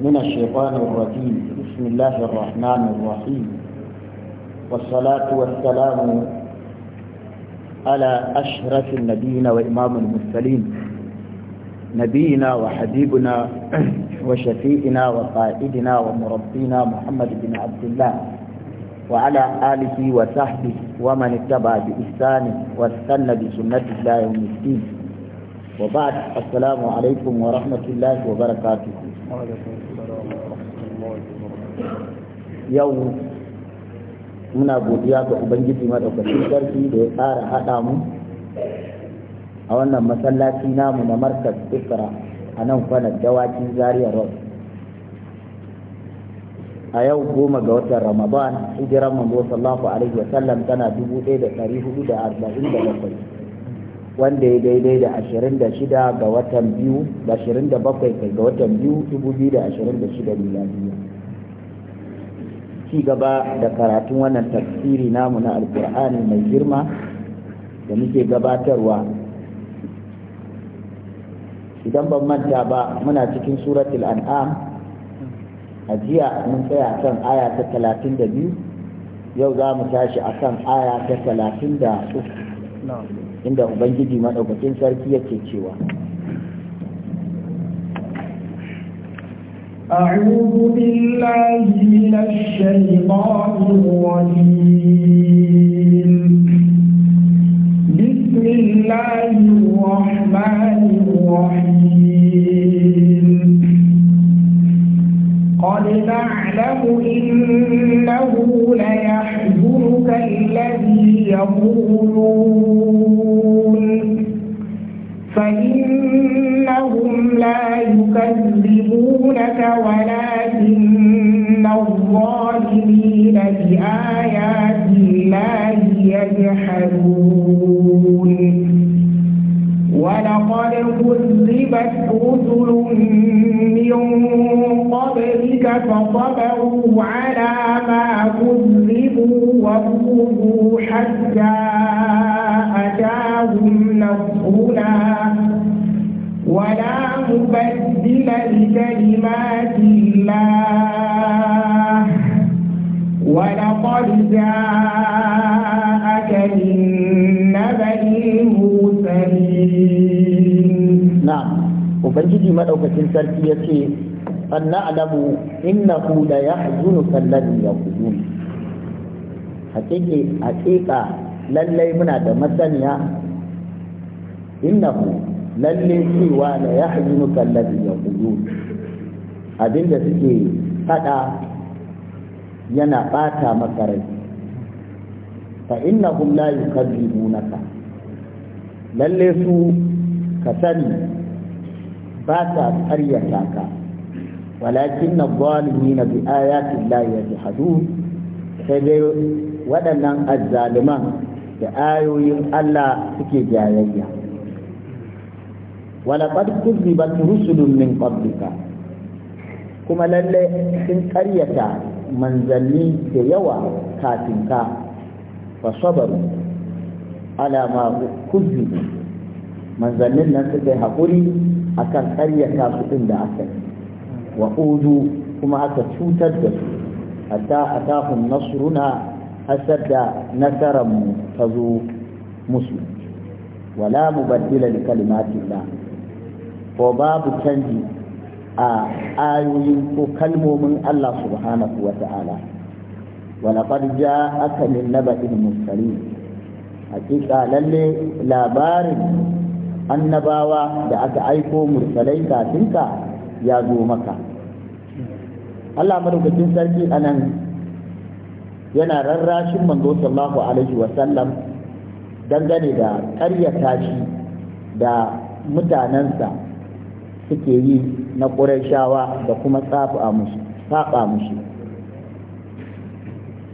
من الشيطان الرجيم بسم الله الرحمن الرحيم والصلاة والسلام على أشرف النبيين وإمام المرسلين نبينا وحبيبنا وشفيئنا وقائدنا ومربينا محمد بن عبد الله وعلى آله وصحبه ومن اتبع بإحسانه واستنى بسنته لا يوم الدين وبعد السلام wa rahmatullahi الله وبركاته yau muna godiya ga ubangiji madaukakin sarki da ya tsara haɗa mu a wannan masallaci namu na markas isra a nan kwana dawakin zaria ro a yau goma ga watan ramadan hijiran mu sallallahu alaihi sallam, tana dubu ɗaya da ɗari hudu da arba'in da bakwai wanda ya daidai da 26 ga watan biyu 27 kai ga watan biyu 2026 miladiya ci gaba da karatun wannan tafsiri namu na alkur'ani mai girma da muke gabatarwa idan ban manta ba muna cikin suratul an'am a jiya mun tsaya kan aya ta 32 yau za mu tashi akan aya ta 33 inda ubangiji maɗaukakin sarki yake cewa أعوذ بالله من الشيطان الرجيم بسم الله الرحمن الرحيم نعلم إنه ليحزنك الذي يقولون فإنهم لا يكذبونك ولكن الظالمين بآيات الله يجحدون ولقد كذبت رسل من قبلك فصبروا على ما كذبوا وكذبوا حتى أتاهم نصرنا ولا مبدل لكلمات الله ولقد جاءك من نبأ المرسلين ubangiji madaukakin sarki ya ce an na'lamu innahu la yahzunuka alladhi yaqulun hakiki hakika lallai muna da masaniya innahu lallai cewa la yahzunuka alladhi yaqulun abinda suke fada yana bata maka rai fa innahum la yukadzibunaka Lallai su ka sani ba ta ƙaryata ka walakin na zalimi na bi ayatin layar ya hadu, sai dai waɗannan azzaliman da ayoyin Allah suke jayayya ba su rusulun min qablika kuma lalle sun ƙaryata manzanni da yawa kafin ka fa sabaru ala ma kuzi manzannin nan suka yi haƙuri kan ƙaryata su ɗin da aka yi wa kuma aka cutar da su hatta atahum nasruna hasar da nasararmu ta zo musu wala mu mubaddila kalimati da. ko babu canji a ayoyin ko kalmomin Allah subhanahu wa ta'ala ولقد جاءك من نبأ المرسلين حقيقة للي labarin. annabawa da aka aiko mursalai kafinka ya zo maka Allah madaukakin sarki anan yana rarrashin manzo sallallahu alaihi sallam, dangane da ƙaryata shi da mutanensa suke yi na ƙurashawa da kuma saba mushi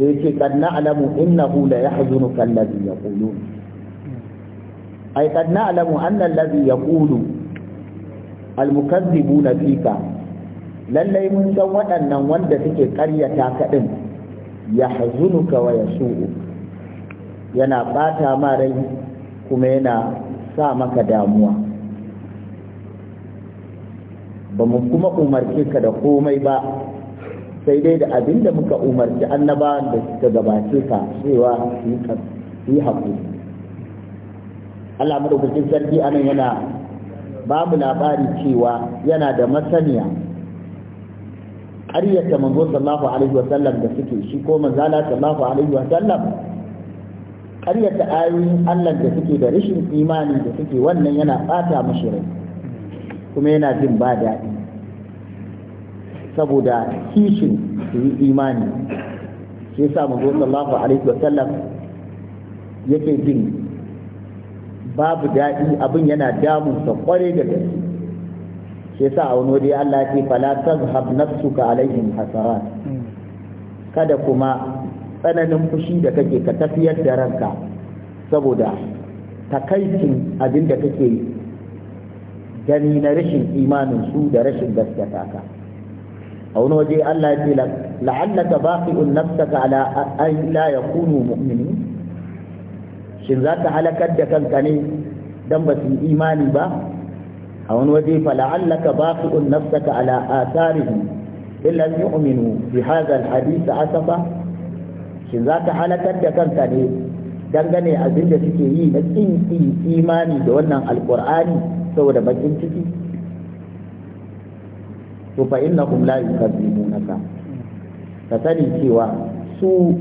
sai ce kan na'lamu innahu la yahzunuka allazi yaqulun ay kad na'lamu anna allazi yaqulu almukazzibuna fika lallai mun san waɗannan wanda suke ƙaryata ka din yahzunuka wa yasu'u yana bata ma rai kuma yana sa maka damuwa ba mu kuma umarce ka da komai ba sai dai da abinda muka umarci annabawan da suka gabace ka cewa su yi haƙuri Allah madaukakin sarki anan yana babu labari cewa yana da masaniya ƙaryata manzo sallallahu alaihi wa sallam da suke shi ko manzala sallallahu alaihi wa sallam ƙaryata ayoyin Allah da suke da rashin imani da suke wannan yana ɓata mashi rai kuma yana jin ba daɗi saboda kishin su yi imani shi yasa manzo sallallahu alaihi wa sallam yake jin babu daɗi abin yana damunsa kwarai da gaske shi yasa a wani wuri Allah ce fala tazhab nafsuka alaihim hasarat kada kuma tsananin fushi da kake ka tafiyar da ranka saboda takaicin abin da kake gani na rashin imanin su da rashin gaskata ka a wani waje Allah ya ce la'allaka baqi'un nafsaka ala an la yakunu mu'minin shin za ka halakar da kanka ne don ba su imani ba a wani waje fala'allaka baqi'un nafsaka ala atharihim illa yu'minu bi hadha hadisi asafa shin za ka halakar da kanka ne dangane abin da suke yi na kin imani da wannan alkur'ani saboda bakin ciki to fa innakum la yukadzibunaka ka sani cewa su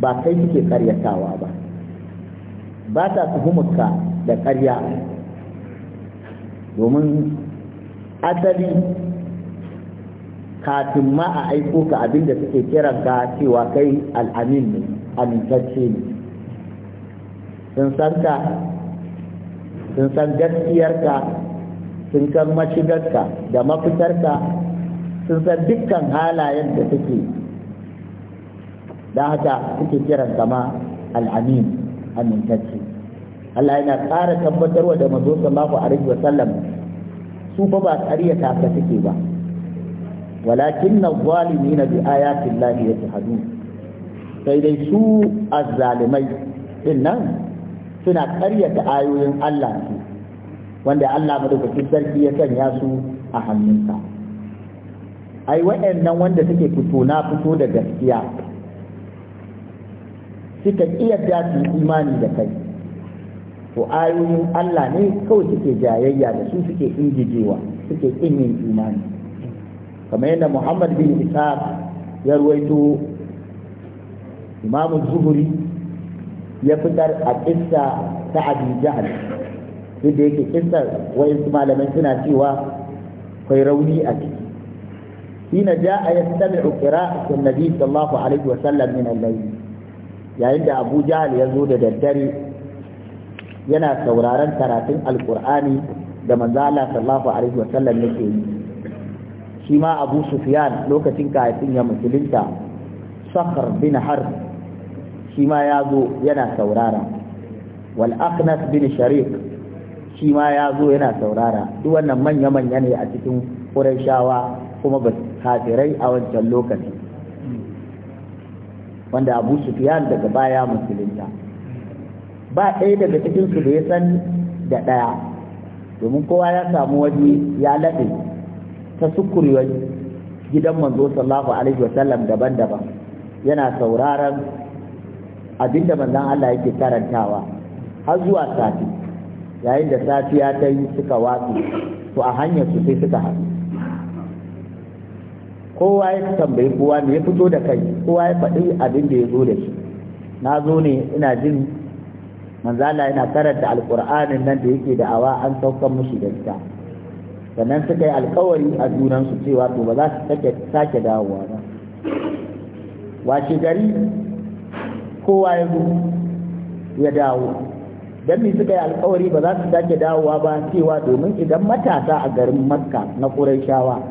ba kai suke karyatawa ba ba ta tuhumarka da ƙarya domin asali kafin ma a aiko ka abinda suke kiran ka cewa kai al'amin ne amintacce ne sun san ka sun san gaskiyarka sun kan mashigarka da mafitarka sun san dukkan halayen da suke da haka suke kiran kama al'amin amintacce Allah yana ƙara tabbatarwa da manzo sallallahu alaihi wasallam su fa ba ƙaryata ka suke ba walakin na bi ayatin lahi yajhadun sai dai su azzalimai din nan suna ƙaryata ayoyin Allah su wanda Allah madaukakin sarki ya sanya su a hannunsa ai wa'annan wanda suke fito na fito da gaskiya suka iya su imani da kai to ayoyin Allah ne kawai suke jayayya da su suke injijewa suke kin yin imani kamar yadda Muhammad bin isa ya ruwaito Imam Zuhri ya fitar a kissa ta Abi Jahl duk yake kissar wayansu malaman suna cewa kai rauni a ciki حين جاء sallallahu alaihi wasallam min al-layl yayin da Abu Jahl ya zo da daddare. yana sauraron karatun alkur'ani da manzo Allah sallallahu alaihi wasallam yake yi shi ma Abu Sufyan lokacin kafin ya musulunta Sakhr bin Harb shi ma ya zo yana saurara wal Aqnas bin Sharik shi ma ya zo yana saurara duk wannan manya manya ne a cikin Qurayshawa kuma ba kafirai a wancan lokacin wanda Abu Sufyan daga baya musulunta ba ɗaya daga cikinsu da ya san da ɗaya domin kowa ya samu waje ya laɗe ta sukurewar gidan manzo sallallahu alaihi sallam daban-daban yana sauraron abinda manzon Allah yake karantawa har zuwa sati yayin da safiya ta yi suka watsu to a hanyar su sai suka haɗu kowa ya tambayi kowa ne ya fito da kai kowa ya faɗi abin da ya zo da shi na zo ne ina jin manzala yana karanta alƙur'anin nan da yake da'awa an saukan mushi da ita sannan suka yi alkawari a junansu cewa to ba za su sake dawowa ba washe gari kowa ya zo ya dawo don mi suka yi alkawari ba za su sake dawowa ba cewa domin idan matasa a garin makka na ƙuraishawa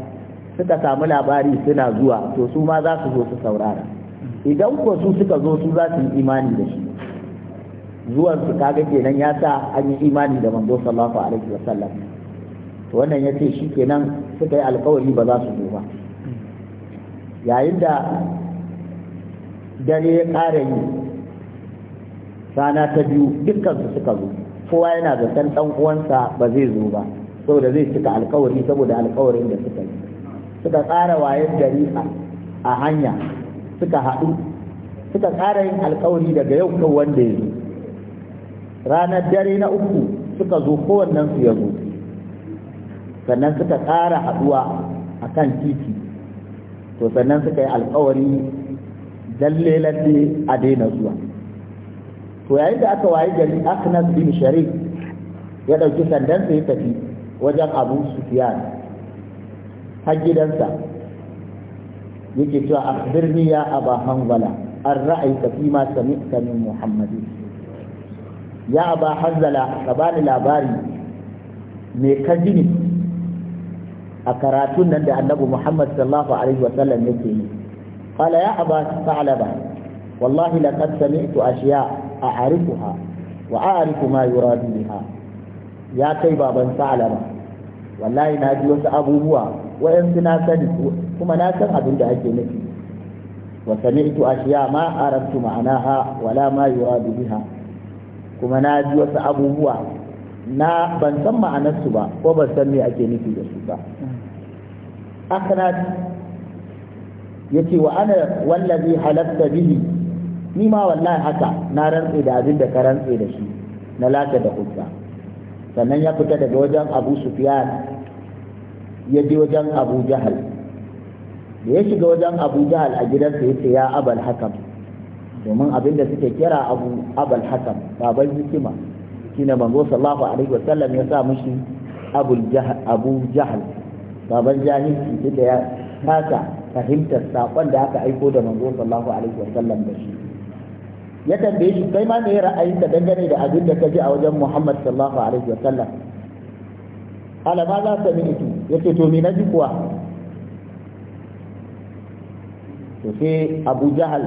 suka samu labari suna zuwa to su ma za su zo su saurara idan ko su suka zo su za su yi imani da shi zuwan su kaga kenan ya sa an yi imani da manzo sallallahu alaihi wasallam to wannan ya ce shi kenan suka yi alkawari ba za su zo ba yayin da dare ya ƙara yi rana ta biyu dukkan su suka zo kowa yana zaton ɗan uwansa ba zai zo ba saboda zai cika alkawari saboda alkawarin da suka yi suka ƙara wayar gari a hanya suka haɗu suka ƙara yin alkawari daga yau kan wanda ya zo ranar dare na uku suka zo kowannen su ya zo sannan suka ƙara haɗuwa a kan titi to sannan suka yi alkawari dalle lalle a daina zuwa to yayin da aka waye gari aknas bin sharif ya ɗauki sandansa ya tafi wajen abu sufiyan har gidansa yake cewa akhbirni ya aba hanzala an ra'ayta fi ma sami'ta min muhammadin ya aba hanzala ka bani labari me ka a karatun nan da annabi Muhammad sallallahu alaihi wa sallam yake yi qala ya aba sa'laba wallahi laqad sami'tu ashiya a'rifuha wa a'rifu ma yuradu biha ya kai baban sa'laba wallahi na ji wasu abubuwa wayansu na sani kuma na san abin da ake nufi wa sami'tu ashiya ma arabtu ma'anaha wala ma yuradu biha kuma na ji wasu abubuwa na ban san ma'anarsu ba ko ban san me ake nufi da su ba aknat yace wa ana wallazi halatta bihi ni ma wallahi haka na rantse da abin da ka rantse da shi na lata da hujja sannan ya fita daga wajen abu sufyan ya je wajen abu jahal da ya shiga wajen abu jahal a gidansa yace ya abal hakam domin abin da suke kira abu abul hasan baban hikima shine manzo sallallahu alaihi wasallam ya sa mishi abul jahal abu jahal baban jahilci da ya kasa fahimtar sakon da aka aiko da manzo sallallahu alaihi wasallam da shi ya tambaye shi kai ma me ra'ayinka dangane da abin da ka ji a wajen Muhammad sallallahu alaihi wasallam ala ma za ka minitu yace to me na ji kuwa to sai Abu Jahal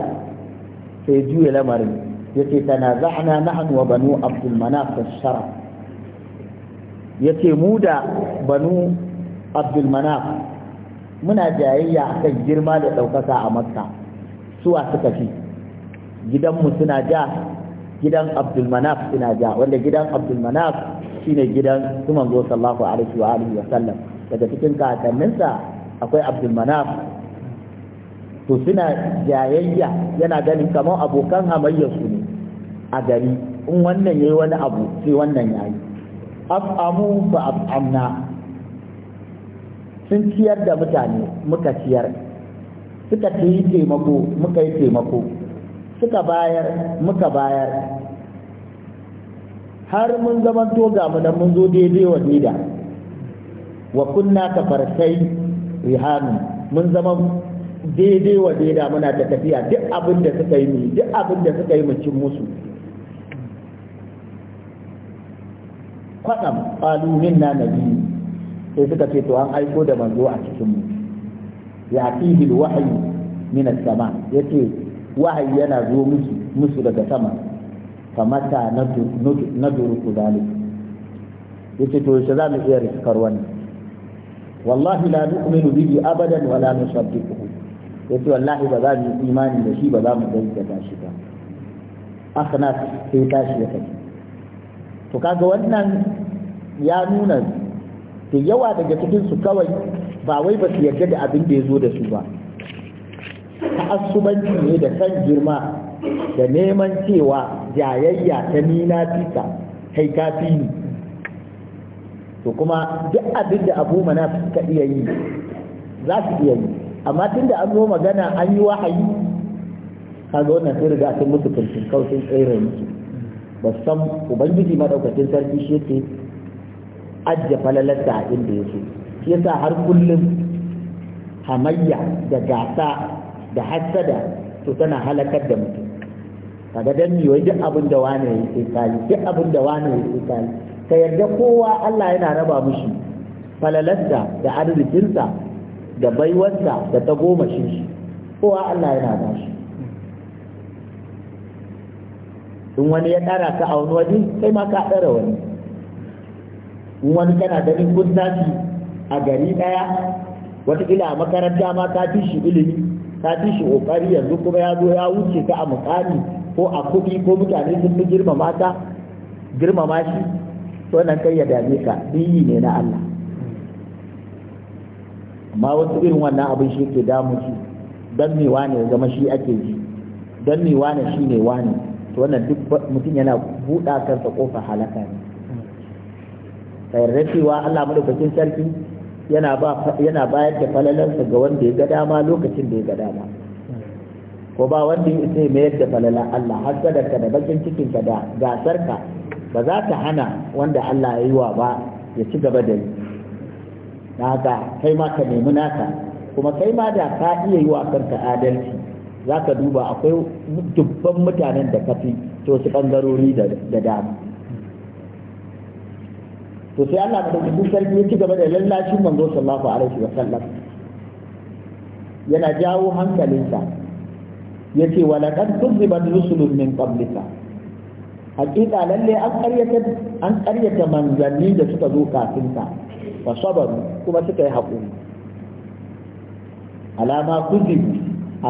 sai juya lamarin yace tanaza'na nahnu wa banu abdul manaf ash-sharaf yace mu da banu abdul manaf muna jayayya kan girma da ɗaukaka a makka suwa suka fi gidanmu suna ja gidan abdul manaf suna ja wanda gidan abdul manaf shine gidan su manzo sallallahu alaihi wa alihi wa sallam daga cikin kakanninsa akwai abdul manaf to suna jayayya yana ganin kamar abokan hamayyarsu ne a gari in wannan ya yi wani abu sai wannan ya yi af'amu ba af'amna sun ciyar da mutane muka ciyar suka yi taimako muka yi taimako suka bayar muka bayar har mun zaman toga mu nan mun zo daidai wa nida wa kunna ka farsai rihanu mun zama daidai wa daida muna ta tafiya duk abin da suka yi mu duk abin da suka yi mu cin musu kwatsam ƙalumin na nabi sai suka ce to an aiko da manzo a cikin mu ya fihi wahayi min sama yace wahayi yana zo musu musu daga sama famata na duruku zalik yace to yaushe za mu iya riskar wannan wallahi la nu'minu bihi abadan wala nusaddiquhu ya ce wallahi ba za mu yi imani da shi ba za mu ta shi ba akana sai tashi ya ce. to kaga wannan ya nuna da yawa daga cikin su kawai ba wai ba su yarda da abin da ya zo da su ba ta'assubanci ne da san girma da neman cewa jayayya ta nina fita kai fi ni to kuma duk abin da abu mana suka iya yi za su iya yi amma tun da an zo magana an yi wahayi kaga wannan sai riga sun mutu tuntun kausin tsere musu ba san ubangiji madaukakin sarki shi yake ajje falalarsa a inda ya so shi yasa har kullum hamayya da gasa da hassada to tana halakar da mutum kaga dan ni wai duk abin da wani ya sai kai duk abin da wani ya sai kai ka yarda kowa Allah yana raba mushi falalarsa da arzikinsa da baiwarsa da ta goma shi kowa Allah yana ba shi in wani ya ɗara ka a wani waje kai ma ka ɗara wani in wani kana ganin kun tashi a gari ɗaya wataƙila a makaranta ma ka fi shi ilimi ka fi shi ƙoƙari yanzu kuma ya zo ya wuce ka a mukami ko a kuɗi ko mutane sun fi girmama ka girmama shi to nan kai ya dame ka biyi ne na Allah amma wasu irin wannan abin shi ke damu shi dan me wane ya zama shi ake ji dan me wane shi ne wane to wannan duk mutum yana buɗa kansa kofar halaka ne ka yarda cewa Allah madaukakin sarki yana bayar da falalansa ga wanda ya ga dama lokacin da ya ga dama ko ba wanda ya sai mayar da falala Allah har da bakin cikinka da gasarka ba za ta hana wanda Allah ya yi wa ba ya ci gaba da yi haka kai ma ka nemi naka kuma kai ma da ka iya yi wa kanka adalci za ka duba akwai dubban mutanen da ka fi to su ɓangarori da dama to sai Allah ka dauki sarki ya ci gaba da lallashin manzo sallallahu alaihi wa sallam yana jawo hankalinsa yace wa laqad tuzibat rusulun min qablika hakika lalle an ƙaryata an karyata manzanni da suka zo kafin ka fa sabaru kuma suka yi haƙuri alama kuzibu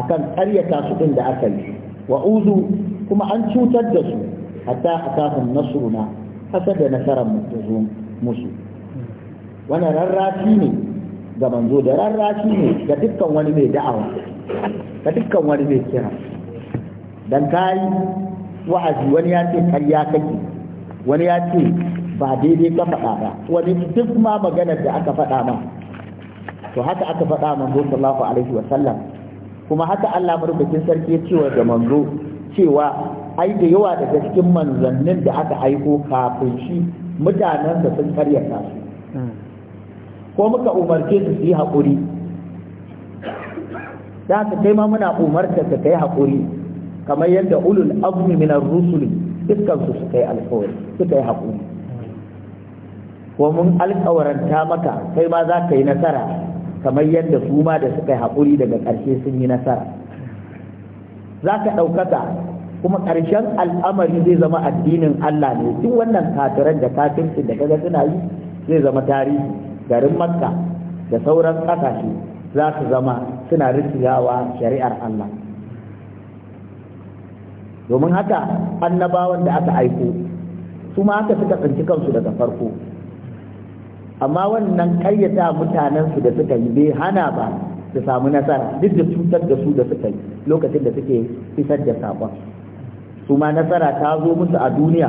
kan ƙaryata su ɗin da aka yi wa uzu kuma an cutar da su hatta atahum nasruna hasar da nasarar mutu musu Wani rarrafi ne ga manzo da rarrafi ne ga dukkan wani mai da'awa ga dukkan wani mai kira dan kai wa'azi wani ya ce karya kake wani ya ce ba daidai ka faɗa ba wani duk ma maganar da aka faɗa ma to haka aka faɗa manzo sallallahu alaihi wa sallam kuma haka Allah marubucin sarki ya cewa da manzo cewa ai da yawa daga cikin manzannin da aka aiko kafin shi mutanen da sun ta su ko muka umarce su yi haƙuri da ka kai ma muna umarta ka kai hakuri kamar yadda ulul azmi minar rusuli dukkan su suka yi alƙawari su yi haƙuri ko mun alkawaranta maka kai ma za ka yi nasara kamar yadda su ma da suka yi haƙuri daga ƙarshe sun yi nasara za ka ɗaukaka kuma ƙarshen al'amari zai zama addinin Allah ne duk wannan kafiran da kafirci da kaga suna yi zai zama tarihi garin makka da sauran ƙasashe za su zama suna rikiyawa shari'ar Allah domin haka annabawan da aka aiko su ma haka suka tsinci kansu daga farko amma wannan kayyata mutanen su da suka yi bai hana ba su samu nasara duk da cutar da su da suka yi lokacin da suke isar da saƙon su ma nasara ta zo musu a duniya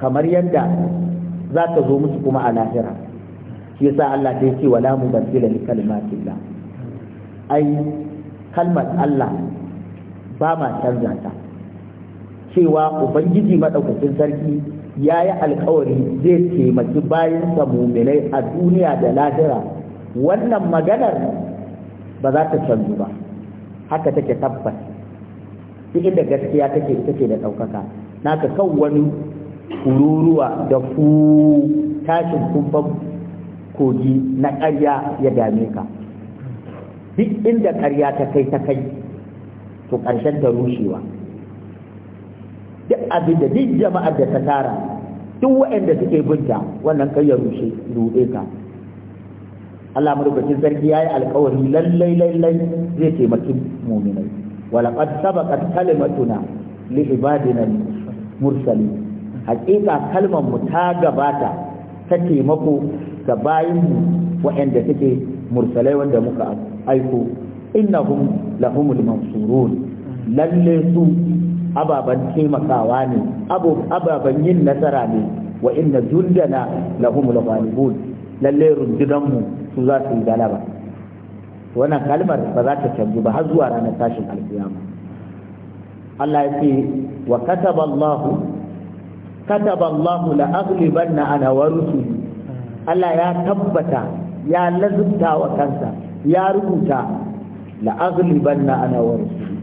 kamar yadda za ta zo musu kuma a lahira shi yasa Allah ta ce wala mubaddila li kalimatillah ai kalmar Allah ba ma canza ta cewa ubangiji madaukakin sarki ya yi alkawari zai taimaki bayan muminai a duniya da lahira wannan maganar ba za ta canzu ba haka take tabbas duk inda gaskiya take ita da ɗaukaka naka kan wani kururuwa da ku tashin kumfan kogi na ƙarya ya dame ka duk inda ƙarya ta kai ta kai to ƙarshen ta rushewa duk abin da duk jama'ar da ta tara duk waɗanda suke binta wannan kai ya rushe ruɗe ka Allah madaukakin sarki yayi alƙawari lallai lallai zai taimaki mu'minai walaqad sabaqat kalimatuna li ibadina mursalin haƙiƙa kalmar mu ta gabata ta taimako ga bayin mu waɗanda suke mursalai wanda muka aiko innahum lahumul mansurun lalle su ababan taimakawa ne ababan yin nasara ne wa inna juldana na al-ghalibun lalle rundunan mu su za su yi galaba wannan kalmar ba za ta canju ba har zuwa ranar tashin alkiyama Allah ya ce wa kataba Allah kataba Allah la aghlibanna ana wa rusuli Allah ya tabbata ya lazubta wa kansa ya rubuta la aghlibanna ana wa rusuli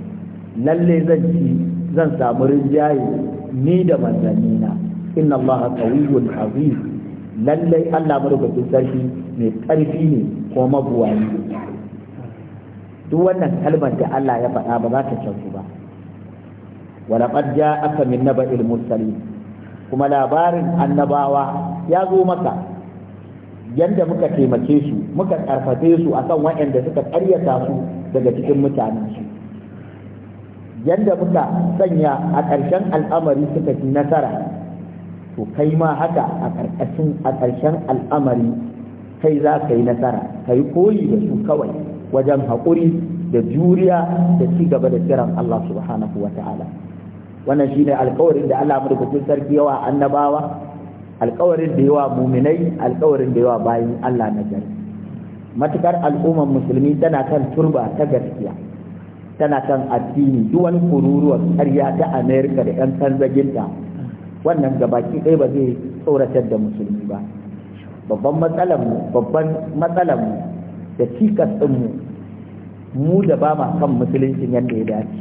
lalle zan ci zan samu rinjaye ni da manzannina inna allaha qawiyyun aziz lallai Allah madaukakin sarki mai ƙarfi ne ko mabuwayi duk wannan kalmar da Allah ya faɗa ba za ta canzu ba laqad ja'aka min naba'il mursalin kuma labarin annabawa ya zo maka yadda muka taimake su muka karfafe su akan waɗanda suka ƙaryata su daga cikin mutanen su yadda muka sanya a ƙarshen al'amari suka fi nasara to kai ma haka a ƙarƙashin a ƙarshen al'amari kai za ka yi nasara ka yi koyi da su kawai wajen haƙuri da juriya da ci gaba da kiran Allah subhanahu wa ta'ala wannan shine alƙawarin da Allah madaukakin sarki yawa annabawa alƙawarin da yawa muminai alƙawarin da yawa bayan Allah na gari matukar al'ummar musulmi tana kan turba ta gaskiya tana kan addini duk wani kururuwar karya ta amerika da 'yan tanzaginta wannan gabaki ɗaya ba zai tsoratar da musulmi ba babban matsalarmu babban matsalarmu da cikas ɗinmu mu da ba ma kan musulunci yadda ya dace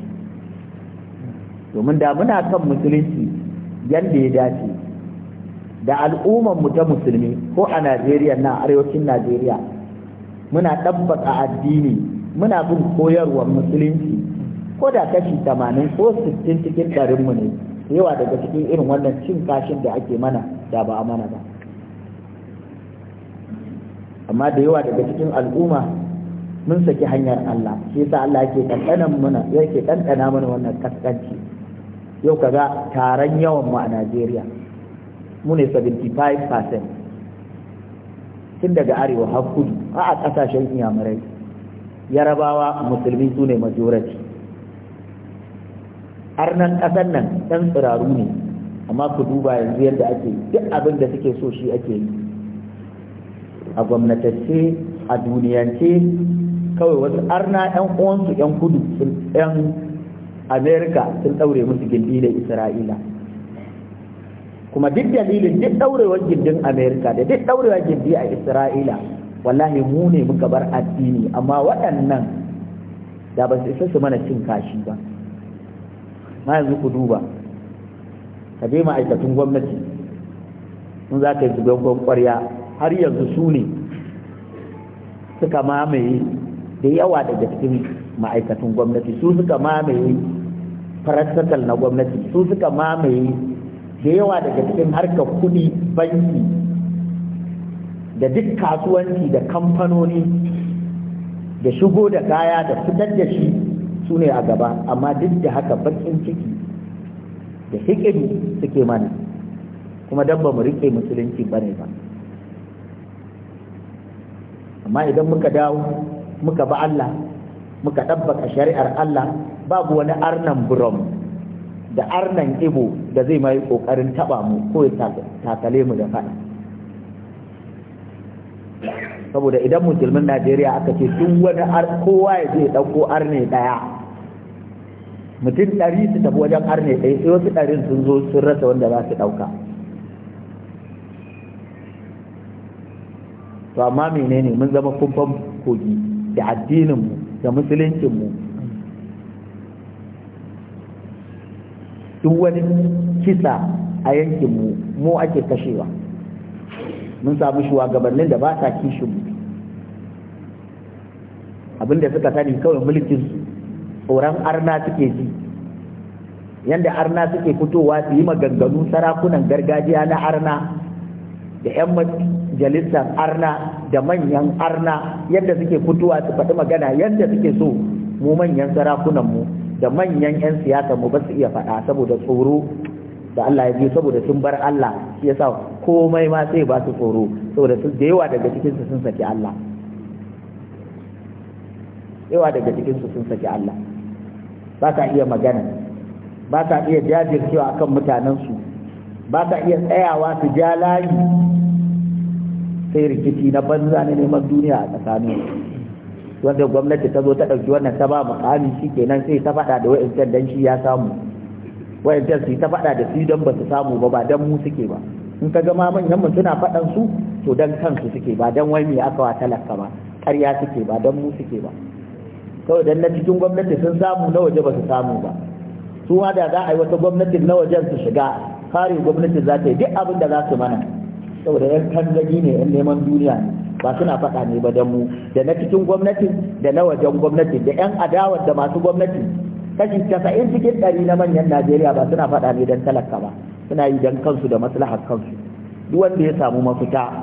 domin da muna kan musulunci yadda ya dace da al'ummarmu ta musulmi ko a najeriya na arewacin najeriya muna ɗabbaka addini muna bin koyarwar musulunci ko da kashi tamanin ko sittin cikin mu ne yawa daga cikin irin wannan cin kashin da ake mana da ba a mana ba amma da yawa daga cikin al'umma mun saki hanyar Allah shi yasa Allah yake kankanan mana yake kankana mana wannan kaskanci yau kaga taron yawan mu a Najeriya mu ne 75% tun daga arewa har kudu a a kasashen iyamurai yarabawa musulmi su ne majority arnan ƙasar nan ɗan tsiraru ne amma ku duba yanzu yadda ake duk abin da suke so shi ake yi a gwamnatacce a duniyance kawai wasu arna 'yan uwansu 'yan kudu 'yan amerika sun ɗaure musu gindi da isra'ila kuma duk dalilin duk ɗaurewar gindin amerika da duk ɗaurewar gindi a isra'ila wallahi mu ne muka bar addini amma waɗannan da ba su isa su mana cin kashi ba ma yanzu ku duba ka je ma'aikatun gwamnati sun za ka yi zuben kwarya har yanzu su ne suka mamaye da yawa daga cikin ma'aikatun gwamnati su suka mamaye farasakal na gwamnati su suka mamaye da yawa daga cikin harkar kuɗi banki da duk kasuwanci da kamfanoni da shigo da kaya da fitar da shi su ne a gaba amma duk da haka bakin ciki da hikidu suke mana kuma don ba mu rike musulunci ba ne ba amma idan muka dawo muka ba Allah muka ɗabbaka shari'ar Allah babu wani arnan burom da arnan ibo da zai mai ƙoƙarin taɓa mu ko ya takale mu da faɗa saboda idan musulmin najeriya aka ce tun wani kowa ya je ɗauko arne ɗaya mutum ɗari su tafi wajen arne ɗaya sai wasu ɗarin sun zo sun rasa wanda za su ɗauka to amma menene mun zama kumfan kogi da addininmu da musuluncinmu duk wani kisa a yankinmu mu ake kashewa mun samu shugabannin da ba sa kishin abinda suka sani kawai mulkin su tsoron arna suke ji yanda arna suke fitowa su yi maganganu sarakunan gargajiya na arna da 'yan majalisar arna da manyan arna yadda suke fitowa su faɗi magana yadda suke so mu manyan sarakunanmu da manyan 'yan siyasa mu ba su iya faɗa saboda tsoro da Allah ya biyu saboda sun bar Allah shi yasa komai ma sai ba su tsoro saboda su da yawa daga cikin su sun saki Allah yawa daga cikin su sun saki Allah ba ka iya magana ba ka iya jajircewa akan mutanensu ba ka iya tsayawa su ja layi sai rikici na banza ne neman duniya a tsakanin wanda gwamnati ta zo ta ɗauki wannan ta ba mukami shi kenan sai ta faɗa da wa'incan dan shi ya samu wa'incan su ta faɗa da su don ba su samu ba ba don mu suke ba in ka ga manyan mu suna faɗan su to dan kansu suke ba dan wai me aka wa talaka ba ƙarya suke ba dan mu suke ba kawai dan na cikin gwamnati sun samu na waje ba su samu ba su ma da za a yi wata gwamnati na wajen su shiga kare gwamnati za ta yi duk abin da za su mana saboda yan kanzagi ne yan neman duniya ne ba suna faɗa ne ba don mu da na cikin gwamnati da na wajen gwamnati da yan adawar da masu gwamnati kashi casa'in cikin ɗari na manyan najeriya ba suna faɗa ne don talaka ba suna yi don kansu da maslahar kansu duk wanda ya samu mafita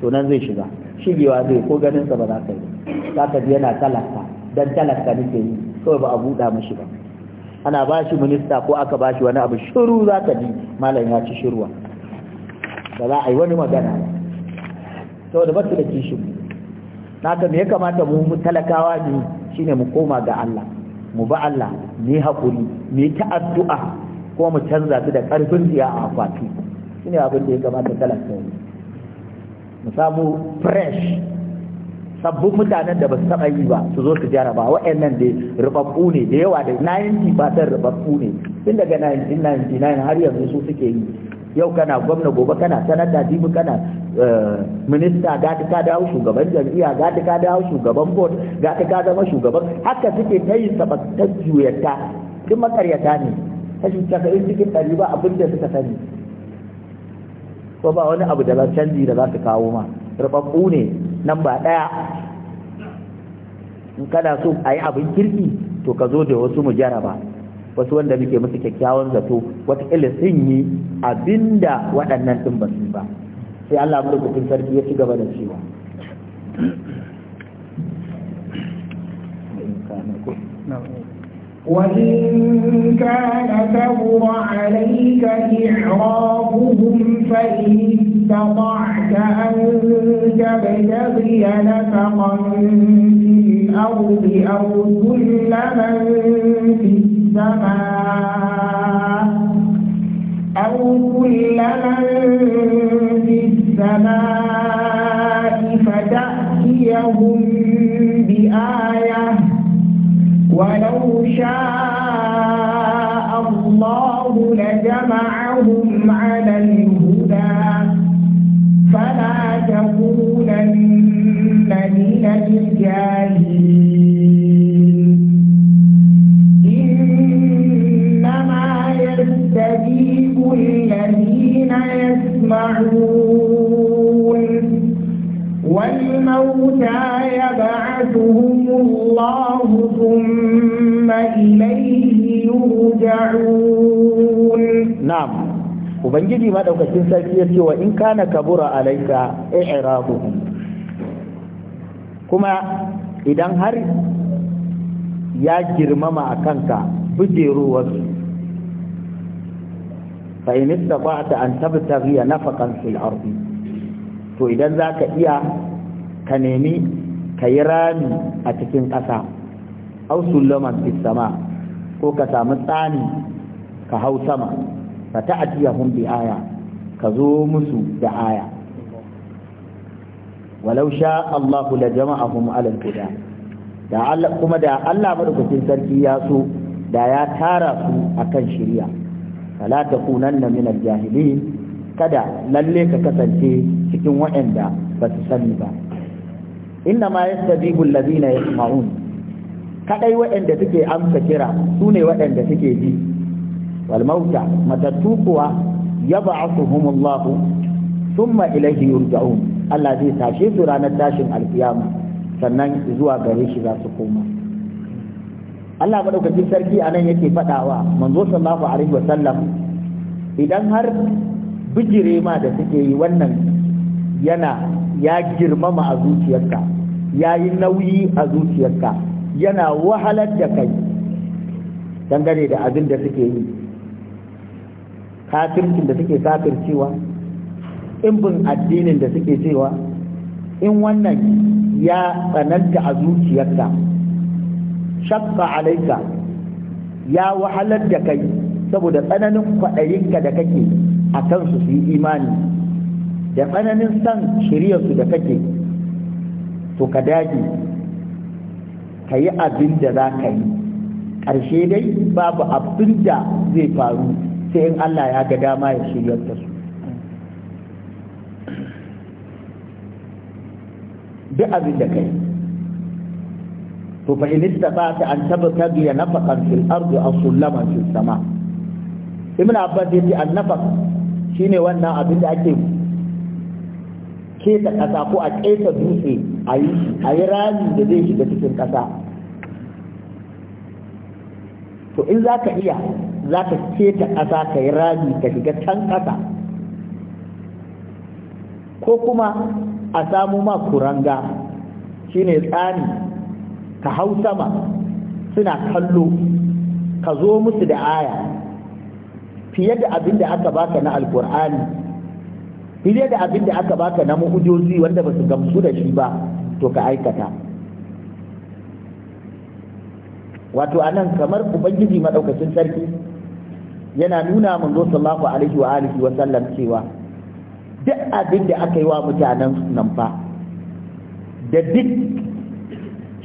to nan zai shiga shigewa zai ko ganin sa ba za ka yi za ka ji yana talaka dan talaka nake yi kawai ba a buɗa mashi ba ana ba shi minista ko aka ba shi wani abu shiru za ka ji malam ya ci shirwa ba za a yi wani magana ba saboda ba su da kishin na ka me ya kamata mu mu talakawa ne shine mu koma ga Allah mu ba Allah mu hakuri haƙuri mu yi ta'addu'a ko mu canza su da karfin tsiya a akwati ne abin da ya kamata talaka yi mu samu fresh sabbin mutanen da ba su taɓa yi ba su zo su jaraba nan da rubabbu ne da yawa da 90 ba san rubabbu ne tun daga 1999 har yanzu su suke yi yau kana gwamna gobe kana sanata jibi kana eh, minista ga ta ka dawo shugaban jam'iyya ga ta ka dawo shugaban board ga ta ka zama shugaban haka suke ta yi sabattar juyarta duk makaryata ne kashi casa'in cikin ɗari ba abin da suka sani ko ba wani abu da za canji da za su kawo ma rubabbu ne nan ba ɗaya in kana so a yi abin kirki to ka zo da wasu mu jaraba wasu wanda muke musu kyakkyawan zato wataƙila sun yi abinda waɗannan ɗin ba su ba sai Allah mulkukin sarki ya ci gaba da cewa No. وإن كان كبر عليك إعرابهم فإن استطعت أن تبتغي نفقا في الأرض أو سلما في السماء أو سلما في السماء فتأتيهم بآية ولو شاء الله لجمعهم على الهدى فلا تكونن من الجاهلين إنما يستجيب الذين يسمعون والموتى يبعثهم الله ثم إليه يرجعون نعم ubangiji madaukakin sarki ya ce wa in kana kabura alaika i'rabuhum kuma idan har ya girmama a kanka bujeruwarsu fa in istata an tabtaghi nafaqan fil ardi to idan za ka iya ka nemi ka yi rami a cikin ƙasa ausul laman sama ko ka samu tsani ka hau sama ka ta'atiyahum bi aya ka zo musu da aya walau sha Allahu la jama'a ala al da kuma da Allah madaukakin sarki ya so da ya tara su akan shari'a fala takunanna min al-jahilin kada lalle ka kasance cikin waɗanda ba su sani ba inna ma yastajibu allazina yasma'un kadai waɗanda suke amsa kira su ne waɗanda suke ji walmauta matattu kuwa yab'athuhumullahu thumma ilayhi yurja'un Allah zai tashe su ranar tashin alkiyama sannan zuwa gare shi za su koma Allah maɗaukacin sarki anan yake faɗawa manzo sallallahu alaihi wasallam idan har bijire ma da suke yi wannan yana ya girmama a zuciyarka ya yi nauyi a zuciyarka yana wahalar da kai dangane da abin da suke yi kafircin da suke kafircewa in bin addinin da suke cewa in wannan ya tsananta a zuciyarka shakka alaika ya wahalar da kai saboda tsananin kwaɗayinka da kake a kansu su yi imani da tsananin san shiryarsu da kake to ka dage ka yi abin da za ka yi ƙarshe dai babu abin da zai faru sai in Allah ya ga dama ya shiryar su duk abin da ka yi to fa in ta an tabtagi nafaqan fil ardi a sulaman sama ibn abbas yace an nafaq shine wannan abin da ake keta ƙasa ko a keta dutse a yi a yi rami da zai shiga cikin ƙasa to in za ka iya za ka keta ƙasa ka yi rami ka shiga can ƙasa ko kuma a samu ma kuranga shine tsani ka hau sama suna kallo ka zo musu da aya fiye da abin da aka baka na alkur'ani fiye da abin da aka baka na mu'ujozi wanda ba su gamsu da shi ba to ka aikata wato anan kamar ubangiji madaukakin sarki yana nuna manzo sallahu alaihi wa alihi wa sallam cewa duk abin da aka yi wa mutanen nan fa da duk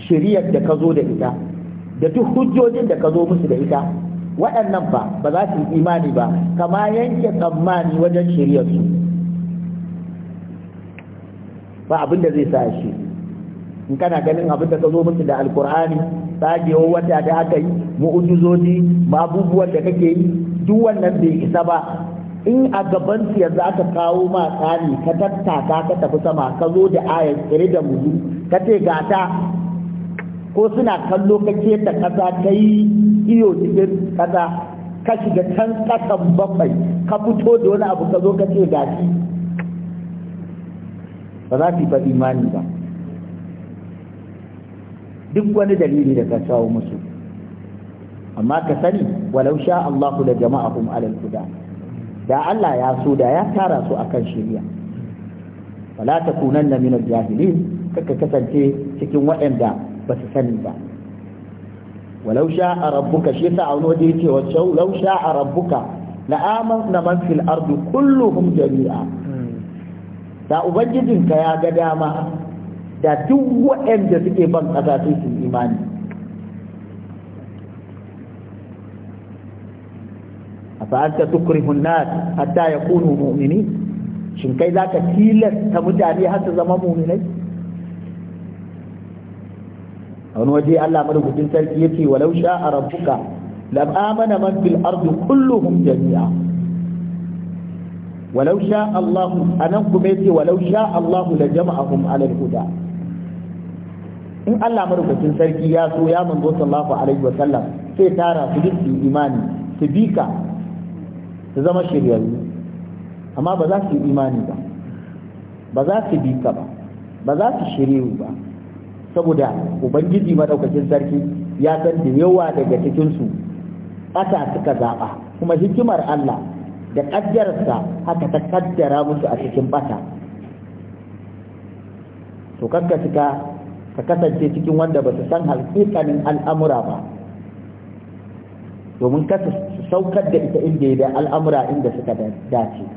shiriyar da ka zo da ita da duk hujjojin da ka zo musu da ita waɗannan ba ba za su imani ba kama yanke tsammani wajen shiryarsu ba abin da zai sa shi in kana ganin abin da ka zo musu da alkur'ani tsagewa wata da aka yi mu'ujizoji ma abubuwan da kake yi duk wannan bai isa ba in a gaban su yanzu aka kawo ma tsari ka tattaka ka tafi sama ka zo da ayar tsire da muzu ka ce gata ko suna kallo ka keta ƙasa ka yi iyo cikin kasa, ka shiga can ƙasan bakwai ka fito da wani abu ka zo ka ce shi ba za su yi ba imani ba duk wani dalili da ka kawo musu amma ka sani walau sha Allahu da jama'a kun alal kuda da Allah ya so da ya tara su akan shari'a wala takunanna min al-jahilin kaka kasance cikin waɗanda بتسنبع ولو شاء ربك أو ونوديك والشو لو شاء ربك لآمن من في الأرض كلهم جميعا سأبجدنك يا قدامة دا دو أمجا تكيبان أساسيس الإيمان فأنت تكره الناس حتى يكونوا مؤمنين شنكي ذاك تيلس تمجاني حتى زمان مؤمنين wani waje Allah madaukakin sarki yace walau sha'a rabbuka lam amana man fil ardi kulluhum jami'a walau sha Allah anan kuma yace walau sha Allah la jama'ahum ala al-huda in Allah madaukakin sarki ya so ya manzo sallallahu alaihi wa sallam sai tara su dukkan imani su bika su zama shiryayyu amma ba za su yi imani ba ba za su bika ba ba za su shiryu ba saboda ubangiji madaukakin sarki ya san da yawa daga cikinsu ƙasa suka zaɓa kuma hikimar Allah da ƙaddararsa haka ta kaddara musu a cikin bata to kakka ka kasance cikin wanda ba su san halƙiƙanin al'amura ba domin ka su saukar da ita inda ya da al'amura inda suka dace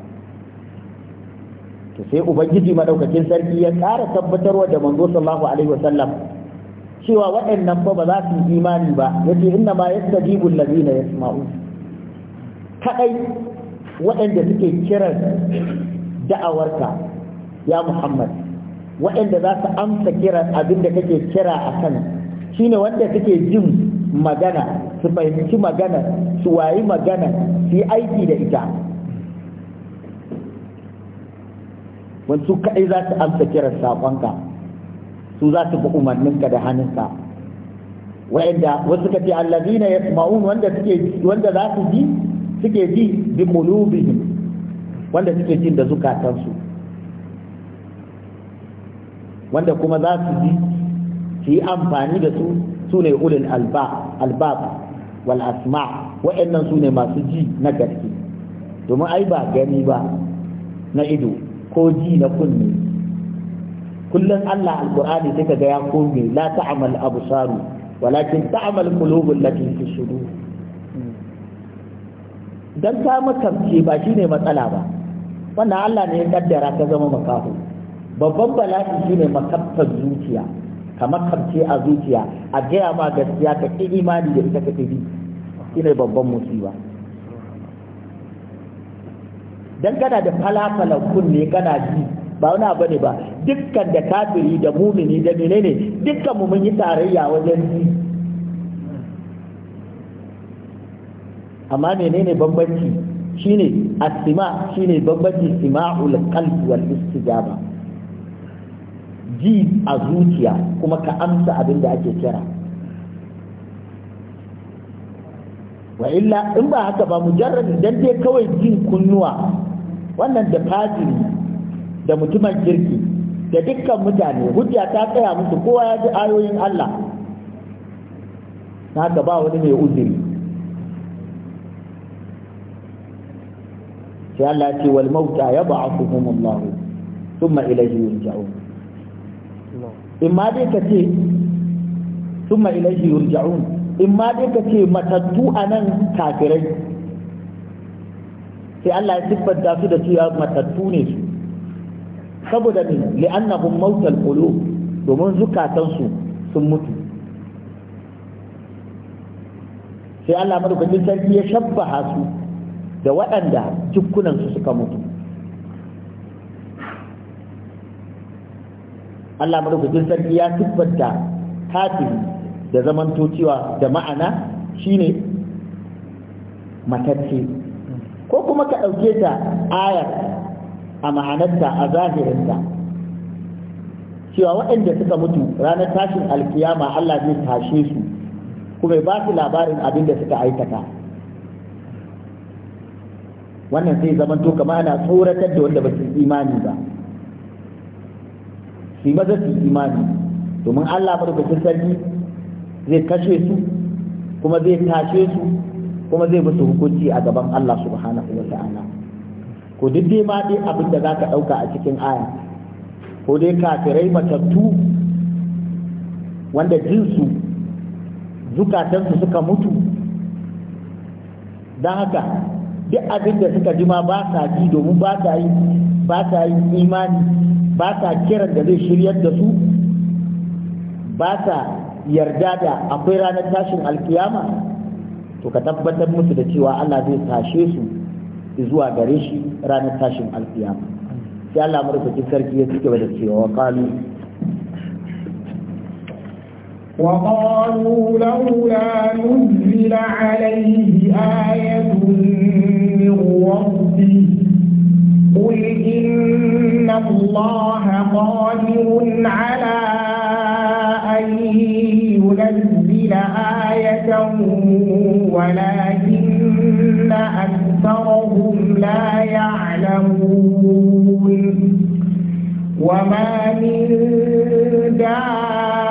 to sai ubangiji madaukakin sarki ya ƙara tabbatarwa da manzo sallallahu alaihi wasallam cewa waɗannan fa ba za su yi imani ba yace inna ma yastajibu allazina yasma'u kadai waɗanda suke kiran da'awarka ya Muhammad waɗanda za su amsa kiran abin da kake kira a kan shine wanda suke jin magana su fahimci magana su wayi magana su yi aiki da ita wansu kaɗai za su amsa kiran saƙonka su za su bi umarninka da hannunka wa'inda wasu ka ce allazina yasma'un wanda suke wanda za su ji suke ji bi qulubihim wanda suke jin da zukatansu wanda kuma za su ji su yi amfani da su su ne ulul albab wal asma wa'annan su ne masu ji na gaske domin ai ba gani ba na ido ko ji na kunne kullum Allah alqur'ani sai gaya ya koge la ta'mal absaru walakin ta'mal qulubul lati fi sudur dan ta makamce ba shine matsala ba wannan Allah ne ya kaddara ta zama makafu babban bala'i shine makaftar zuciya ka makamce a zuciya a gaya ma gaskiya ka ƙi imani da ita ka bi shine babban musiba dan kana da falafalan kunne kana ji ba wani abu ne ba dukkan da kafiri da mumini da menene dukkan mu mun yi tarayya wajen ji amma menene bambanci shine asima shine bambanci sima'ul qalbi wal istijaba ji a zuciya kuma ka amsa abin da ake kira wa illa in ba haka ba mujarrad dan dai kawai jin kunnuwa wannan da fadiri da mutumin kirki da dukkan mutane hujja ta tsaya musu kowa ya ji ayoyin Allah na ga ba wani mai uzuri sai Allah ce wal mauta yab'athuhum Allah thumma ilayhi yurja'un imma dai ka ce thumma ilayhi yurja'un imma dai ka ce matattu anan kafirai sai Allah ya siffanta su da cewa matattu ne su saboda ne li'annahum mautal qulub domin zukatansu sun mutu sai Allah madaukakin sarki ya shabbaha su da waɗanda jukkunansu suka mutu Allah madaukakin sarki ya siffanta kafiri da zamanto cewa da ma'ana shine matacce ko kuma ka ɗauke ta ayar a ma'anarta a zahirinta cewa waɗanda suka mutu ranar tashin alkiyama Allah zai tashe su kuma ba su labarin abin da suka aikata wannan sai zaman to kamar ana tsoratar da wanda ba su imani ba su yi maza su imani domin Allah madaukakin sarki zai kashe su kuma zai tashe su kuma zai musu hukunci a gaban Allah subhanahu wa ta'ala ko duk dai ma dai abin da zaka dauka a cikin aya ko dai kafirai matattu wanda jinsu zukatansu suka mutu don haka duk abin da suka ji ma ba sa ji domin ba sa yi ba sa yi imani ba sa kiran da zai shiryar da su ba sa yarda da akwai ranar tashin alkiyama to ka tabbatar musu da cewa Allah zai tashe su zuwa gare shi ranar tashin alkiyama sai Allah madaukakin sarki ya cike da cewa wa qalu وقالوا لولا نزل عليه آية من ربه قل إن الله قادر على أن ينزل آية ولكن أكثرهم لا يعلمون وما من دابة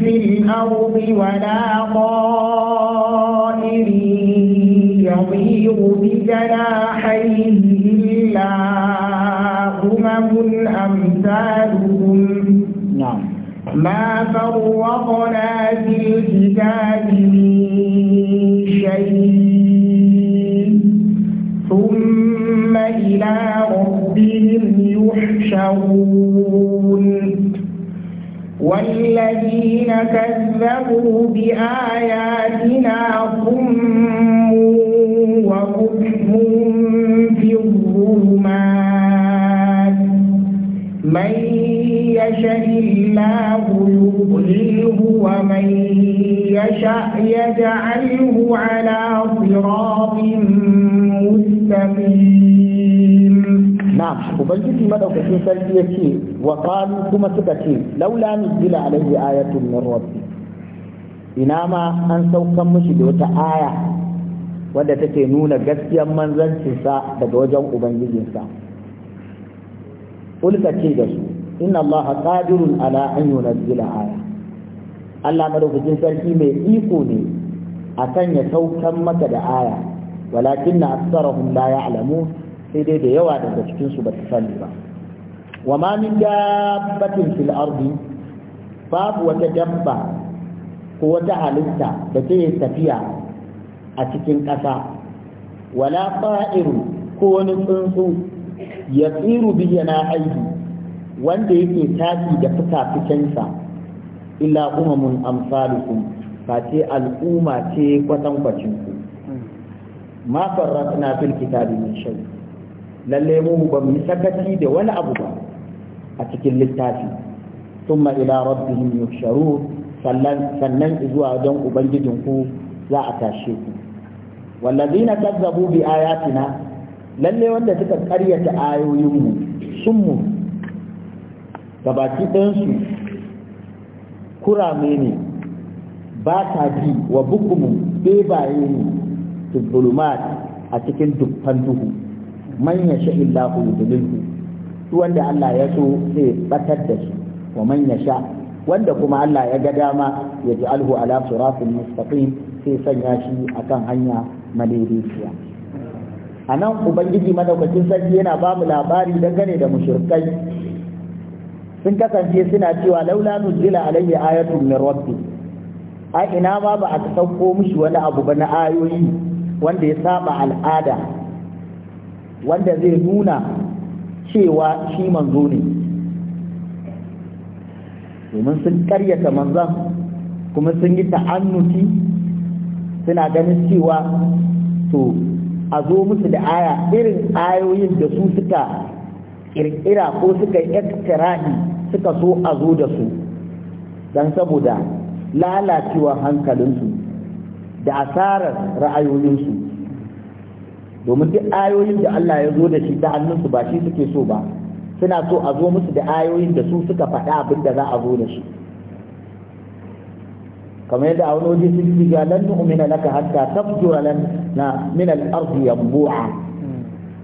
في الأرض ولا طائر يطير بجناحيه إلا أمم أمثالهم نعم ما في الكتاب من شيء ثم إلى ربهم يحشرون والذين كذبوا بآياتنا صم بكم في الظلمات من يشاء الله يضلله ومن يشاء يجعله على صراط مستقيم نعم وبلجد مدى وكثير سلبية وقالوا كما سكتين لولا نزل عليه آية من ربي إنما أن سوكم مشد وتآية wadda take nuna gaskiyar manzancinsa daga wajen ubangijinsa ulka ce da su inna Allah qadirun ala an yunzila aya Allah madaukakin sarki mai iko ne akan ya saukan maka da aya walakin na aksarahum la ya'lamu sai dai da yawa daga cikin su ba sani ba wa ma min dabbatin fil ardi babu wata dabba ko wata halitta da yi tafiya a cikin ƙasa wala fa'iru ko wani tsuntsu ya tsiru biyana aiki wanda yake tasi da fikafikensa illa umamun amsalukum ce al'umma ce kwatankwacin ku ma farratna fil kitabi min shai. lalle mu ba mu sakaci da wani abu ba a cikin littafi thumma ila rabbihim yuhsharun sannan sannan zuwa don ubangijin ku za a tashe ku wallazina kazzabu bi ayatina lalle wanda suka karyata ayoyinmu sun mu gabaki ɗansu kurame ne ba ta ji wa bukumu bebaye ne tubbulumat a cikin dukkan duhu Manya sha illahu yudlilhu wanda Allah ya so zai batar da su wa manya sha wanda kuma Allah ya ga dama ya ji alhu ala siratin mustaqim sai sanya shi a kan hanya madaidaiciya a nan ubangiji madaukakin sarki yana ba mu labari dangane da mushirkai sun kasance suna cewa laula nuzila alayhi ayatun min rabbi a ina ma ba a sauko mishi wani abu ba na ayoyi wanda ya saba al'ada wanda zai nuna cewa shi manzo ne domin sun karyata manzan kuma sun yi ta'annuti suna ganin cewa to a zo musu da aya irin ayoyin da su suka kirkira ko suka iktirahi suka so a zo da su don saboda lalacewa hankalinsu da asarar ra'ayoyinsu domin duk ayoyin da Allah ya zo da shi ta hannunsu ba shi suke so ba suna so a zo musu da ayoyin da su suka faɗa abin da za a zo da shi kamar yadda a wani waje sun ci ga lan nu'mina laka hatta tafjura na min al-ardi yanbu'a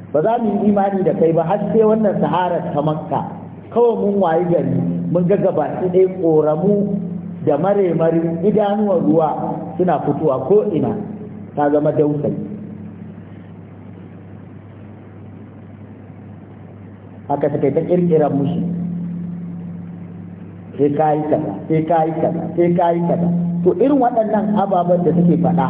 ba za mu yi imani da kai ba har sai wannan sahara ta makka kawai mun wayi gari mun ga gaba dai koramu da maremarin idanuwan ruwa suna fitowa ko ina ta zama dausayi haka kai ta kirkira mushi sai ka yi kaza sai ka yi kaza sai ka yi kaza to irin waɗannan ababen da suke faɗa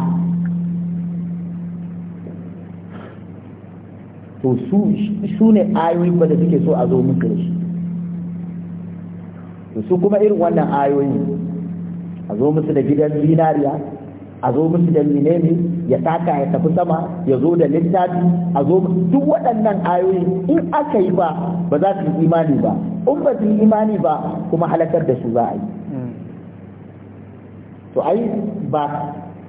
to su ne ayoyi ba da suke so a zo muku da shi to su kuma irin wannan ayoyi a zo musu da gidan zinariya a zo musu da minene, ya taka ya tafi sama ya zo da littafi a zo duk waɗannan ayoyi in aka yi ba ba za su yi imani ba ummati imani ba kuma halakar da su za a yi hmm. to ai ba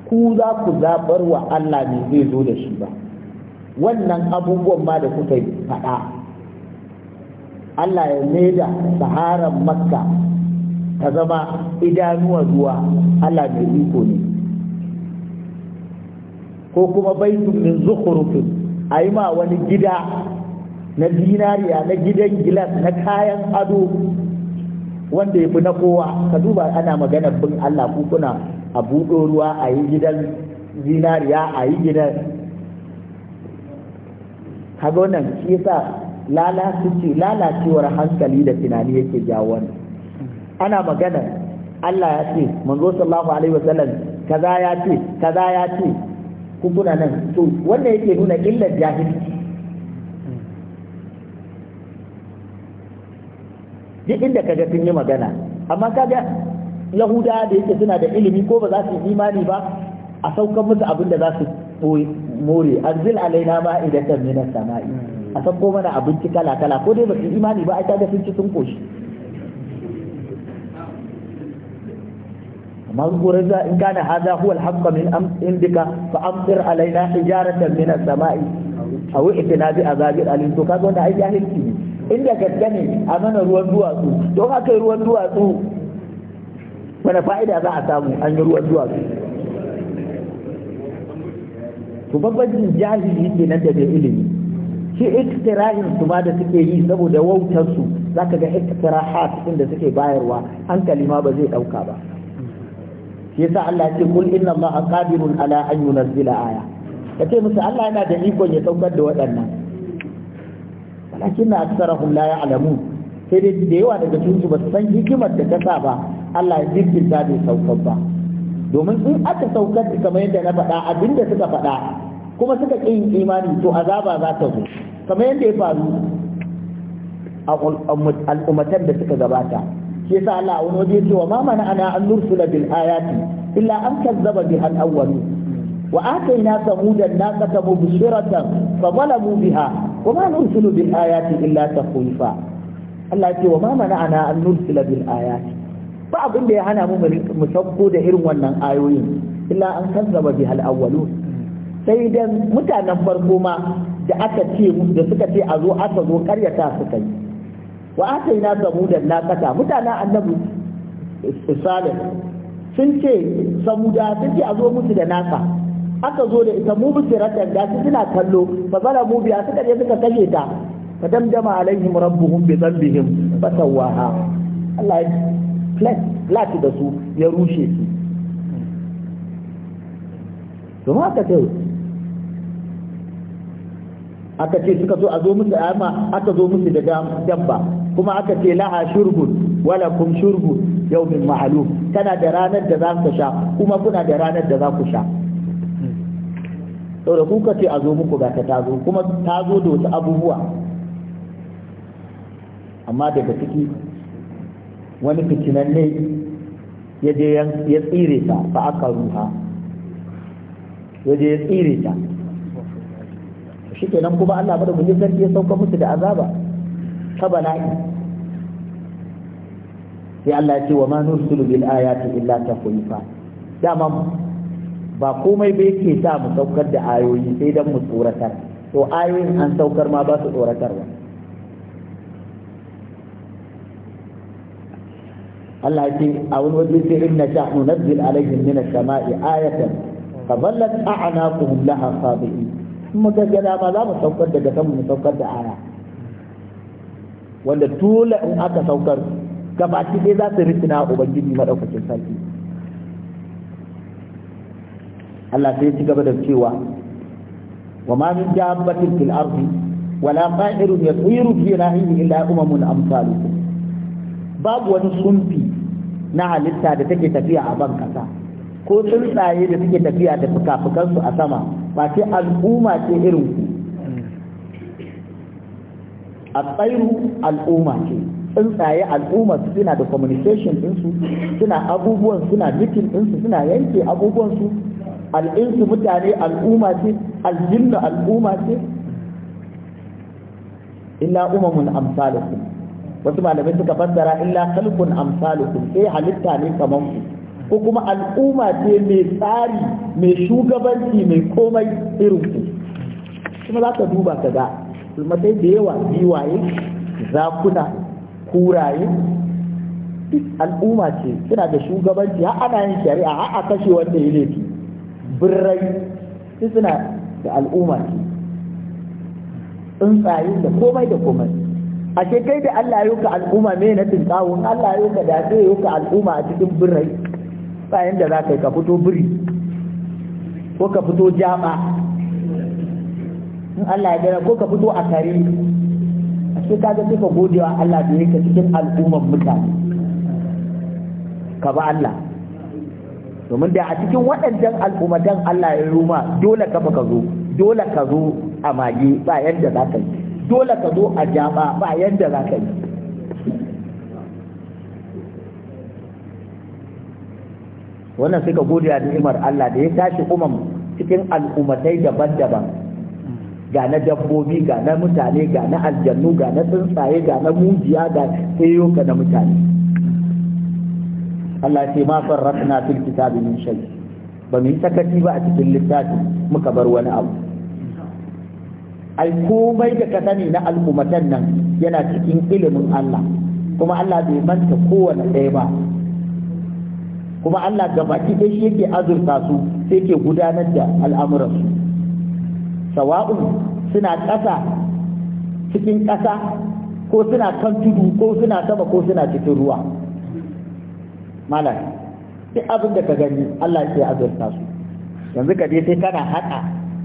ku za ku zaɓar wa Allah ne zai zo da shi ba wannan abubuwan ma da kuka yi faɗa Allah ya maida saharan makka ta zama idanuwa zuwa Allah mai iko ne ko kuma baitun min zukhrufin a yi ma wani gida na dinariya na gidan gilas na kayan ado wanda ya fi na kowa ka duba ana maganar bin Allah ku kuna a buɗo ruwa a yi gidan zinariya a yi gidan kaga nan. shi yasa lalace lalacewar hankali da tunani yake jawo wannan ana magana Allah ya ce manzo sallallahu alaihi wasallam kaza ya ce kaza ya ce ku kuna nan to wannan yake nuna illar jahilci duk inda kaga sun yi magana amma kaga yahuda da yake suna da ilimi ko ba za su yi imani ba a saukan musu abin da za su more arzil alaina ma idan ta mina sama'i a sauko mana abinci kala kala ko dai ba su imani ba ai kaga sun ci sun koshi amma gurin za in kana hada huwa al min am indika fa amtir alaina hijaratan as sama'i aw itina bi azabil alim to kaga wanda ai jahilci ne inda ka ne a mana ruwan duwatsu to aka ruwan duwatsu mana fa'ida za a samu an yi ruwan duwatsu to babban jahili ke nan da bai ilimi shi iktirahin su ma da suke yi saboda wautar su ka ga iktirahat ɗin da suke bayarwa hankali ma ba zai ɗauka ba shi yasa Allah ya ce kul inna allaha qadirun ala an yunzila aya kace musu Allah yana da ikon ya saukar da waɗannan lakin na aksarahum la ya'lamun sai dai da yawa daga cikin su ba san hikimar da ta sa ba Allah ya jinkirta bai saukar ba domin in aka saukar da kamar yadda na faɗa abinda suka faɗa kuma suka yin imani to azaba za ta zo kamar yadda ya faru al'ummatan da suka gabata shi yasa Allah a wani waje cewa ma mana ana an nursula bil ayati illa an kazzaba bi al awwali wa atayna samuda naqata mubshiratan fa zalamu biha wa ma nursilu bil ayati illa taqwifa Allah yake wa ma ana an nursila bil ayati ba abin da ya hana mu mu tabbo da irin wannan ayoyin illa an kazzaba bi awwalun sai da mutanen farko ma da suka ce a zo aka zo ƙaryata su kai wa atayna samuda naqata mutana annabi sun ce samuda sun ce a zo musu da naka aka zo da ita mu bisiratan da su suna kallo fa zala mu biya suka je suka kashe ta a damdama alaihim rabbuhum bi dhanbihim fa sawaha Allah ya lati da su ya rushe su to ma aka ce aka ce suka zo a zo musu 'yamma aka zo musu da dabba kuma aka ce laha shurbun wala kum shurbun yawmin ma'lum tana da ranar da za ku sha kuma kuna da ranar da za ku sha saboda kuka ce a zo muku ga ta tazo kuma ta zo da wasu abubuwa amma daga ciki wani fitinan ne ya je ya tsire ta fa aka ruha ya je ya tsire ta shi kenan kuma Allah bada mu sarki ya sauka musu da azaba ta bala'i sai Allah ya ce wa ma nursulu bil ayati illa tafwifa dama ba komai ba yake sa mu saukar da ayoyi sai dan mu tsoratar to ayoyin an saukar ma ba su tsoratar ba Allah ya ce a wani waje sai in na sha nunazzil alaihim min as-sama'i ayatan fa ballat a'naquhum laha sabi'in kuma ga ba za mu saukar daga sama mu saukar da aya wanda tula in aka saukar gabaki dai za su rikina ubangiji madaukakin sarki Allah sai ci gaba da cewa wa ma min dabbatin fil ardi la ta'irun yatiru fi rahihi illa umamun amsalukum babu wani sunfi na halitta da take tafiya a ban kasa ko tsuntsaye da suke tafiya da fuka su a sama ba ce al'umma ce irin ku a tsairu al'umma ce tsuntsaye al'umma su suna da communication ɗinsu suna abubuwan suna meeting ɗinsu suna yanke abubuwan su. al'insu mutane al'umma ce aljinnu al'umma ce illa umamun amsalukum wasu malamai suka fassara illa khalqun amsalukum sai halitta ne kaman ku ko kuma al'umma ce mai tsari mai shugabanci mai komai irin ku kuma za ka duba ka ga sai da yawa giwaye zakuna kuraye al'umma ce suna da shugabanci har ana yin shari'a har a kashe wanda ya laifi birrai su suna da al'umma tsuntsaye da komai da komai a kai da Allah yau ka al'umma me na tsuntsawo Allah yau ka dace yau ka al'umma a cikin birrai bayan da za ka ka fito biri ko ka fito jama? in Allah ya gana ko ka fito a kare a ce kaga sai ka godewa Allah da yake cikin al'umman mutane ka ba Allah domin da a cikin waɗancan al'ummatan Allah ya ruma dole ka ka zo dole ka zo a mage ba yadda za ka yi dole ka zo a jaba ba yadda za ka yi wannan suka gode a ni'imar Allah da ya tashi umam cikin al'ummatai daban-daban ga na dabbobi ga na mutane ga na aljannu ga na tsuntsaye ga na mujiya ga sayo ka na mutane Allah ce ma farratna fil kitab min shay ba mu sakaci ba a cikin littafi muka bar wani abu ai komai da ka sani na al'ummatan nan yana cikin ilimin Allah kuma Allah bai manta kowane ɗaya ba kuma Allah baki dai shi yake azurta su sai ke gudanar da al'amuran su. sawa'un suna ƙasa cikin ƙasa ko suna kan tudu ko suna sama ko suna cikin ruwa malam duk abin da ka gani Allah ke azurta su yanzu ka je sai kana haka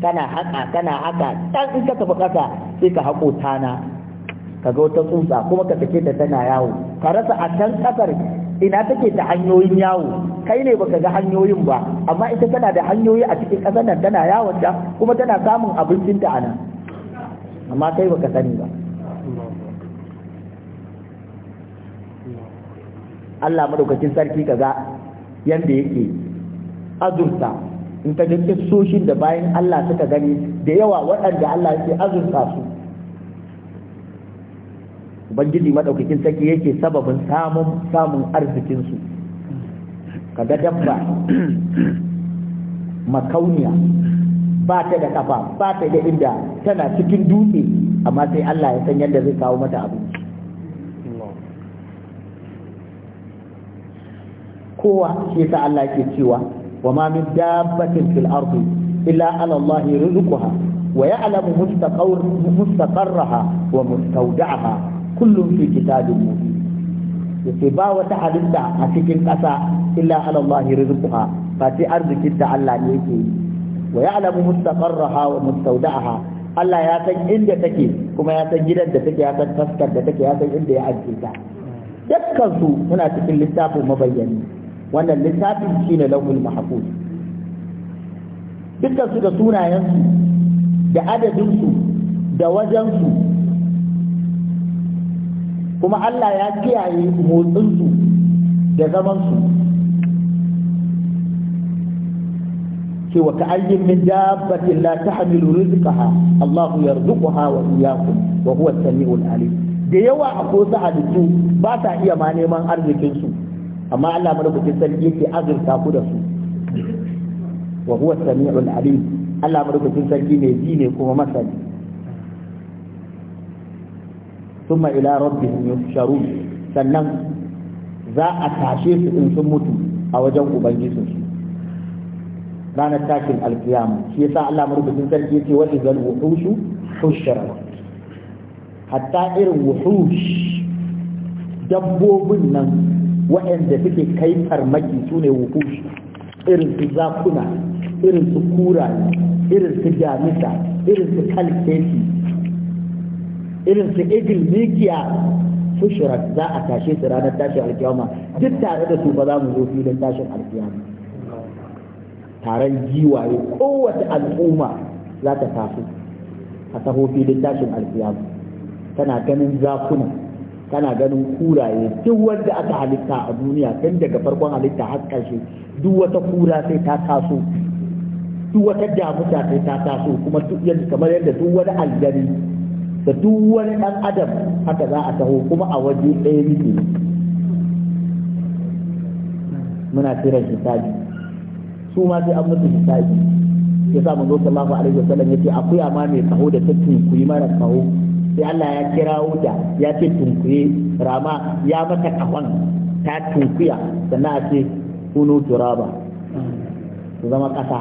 kana haka kana haka dan in ka tafi kasa sai ka hako tana ka ga wata tsuntsa kuma ka take ta tana yawo ka rasa a can kasar ina take ta hanyoyin yawo kai ne baka ga hanyoyin ba amma ita tana da hanyoyi a cikin kasar nan tana yawon ta kuma tana samun abincinta a nan amma kai baka sani ba Allah madaukakin sarki kaza yanda yake azurta in ka ga soshin da bayan Allah suka gani da yawa waɗanda Allah yake azurta su ubangiji madaukakin sarki yake sababin samun samun arzikin su kaga dabba makauniya ba ta da kafa ba ta da inda tana cikin dutse amma sai Allah ya san yadda zai kawo mata abinci kowa shi yasa Allah ke cewa wa ma min dabbatin fil ardi illa ala Allah rizquha wa ya'lamu mustaqarr mustaqarraha wa mustawda'aha kullun fi kitabin mubin yace ba wata halitta a cikin ƙasa illa ala Allah rizquha fa sai arzikin da Allah ne yake yi wa ya'lamu mustaqarraha wa mustawda'aha Allah ya san inda take kuma ya san gidan da take ya san taskar da take ya san inda ya ajiye ta dukkan su muna cikin littafin mabayyani wannan littafin shine lauhul mahfuz dukkan su da sunayensu da adadinsu da wajensu kuma Allah ya kiyaye motsinsu da zamansu ce wa ka'ayyin min dabbatin la tahmilu rizqaha Allah yarzuquha wa iyyakum wa huwa as-sami'ul alim da yawa akwai su halittu ba ta iya ma neman arzikin su amma Allah madaukakin sarki yake azurta ku da su wa huwa sami'ul alim Allah madaukakin sarki ne ji ne kuma masani thumma ila rabbihim yusharun sannan za a tashe su in sun mutu a wajen su, ranar takin alkiyama shi yasa Allah madaukakin sarki yake wa idzal wuhushu hushara hatta irin wuhush dabbobin nan waɗanda suke kai farmaki su ne wukushi irin su zakuna irin su kura irin su jamisa irin su kalketi irin su igil mikiya fushirat za a tashe su ranar tashin alkiyama duk tare da su ba za mu zo filin tashin alkiyama taron giwaye kowace al'umma za ta tafi a taho filin tashin alkiyama tana ganin zakuna kana ganin kuraye duk wanda aka halitta a duniya tun daga farkon halitta har ƙarshe duk wata kura sai ta taso duk wata damuta sai ta taso kuma duk yadda kamar yadda duk wani aljani da duk wani ɗan adam haka za a taho kuma a waje ɗaya muke muna kiran hisabi su ma sai an mutu hisabi ya sa manzo sallallahu alaihi wasallam yace akuya ma mai kaho da tattin ku yi mara kaho sai Allah ya kira wuta ya ce tunkuye rama ya mata kafan ta tunkuya sannan a ce kunu turaba su zama ƙasa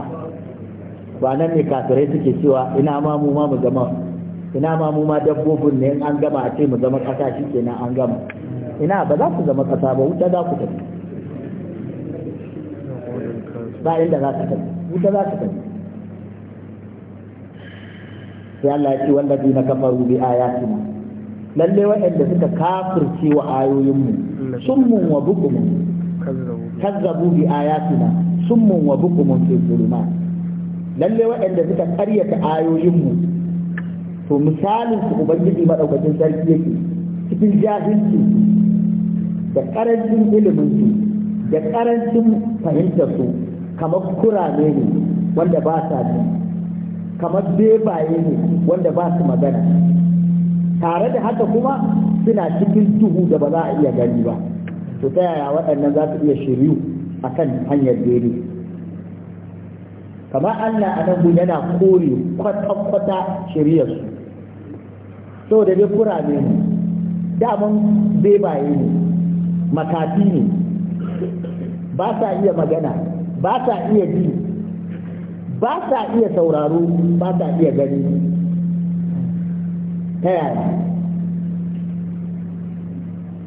ba nan ne kafirai suke cewa ina ma mu ma mu zama ina ma mu ma dabbobin ne in an gama a ce mu zama ƙasa shi na an gama ina ba za ku zama ƙasa ba wuta za ku tafi ba inda za ka tafi wuta za ka tafi sai Allah ya ce wallazi na kafaru bi ayatina lalle waɗanda suka kafirce wa ayoyinmu summun wa bukumun kazzabu bi ayatina summun wa bukumun fi zulma lalle waɗanda suka karyata ayoyinmu to misalin su ubangiji madaukakin sarki yake cikin jahilci da karancin ilimin su da karancin fahimtar su kamar kurame ne wanda ba sa ne kamar bebaye ne wanda ba su magana tare da haka kuma suna cikin duhu da ba za a iya gani ba to ta yaya waɗannan za su iya shiryu a kan hanyar dere kamar allah a nan yana kore kwata-kwata shiryarsu so da dai kurame ne daman bebaye ne makafi ne ba sa iya magana ba sa iya ji ba sa iya sauraro ba sa iya gani ta yaya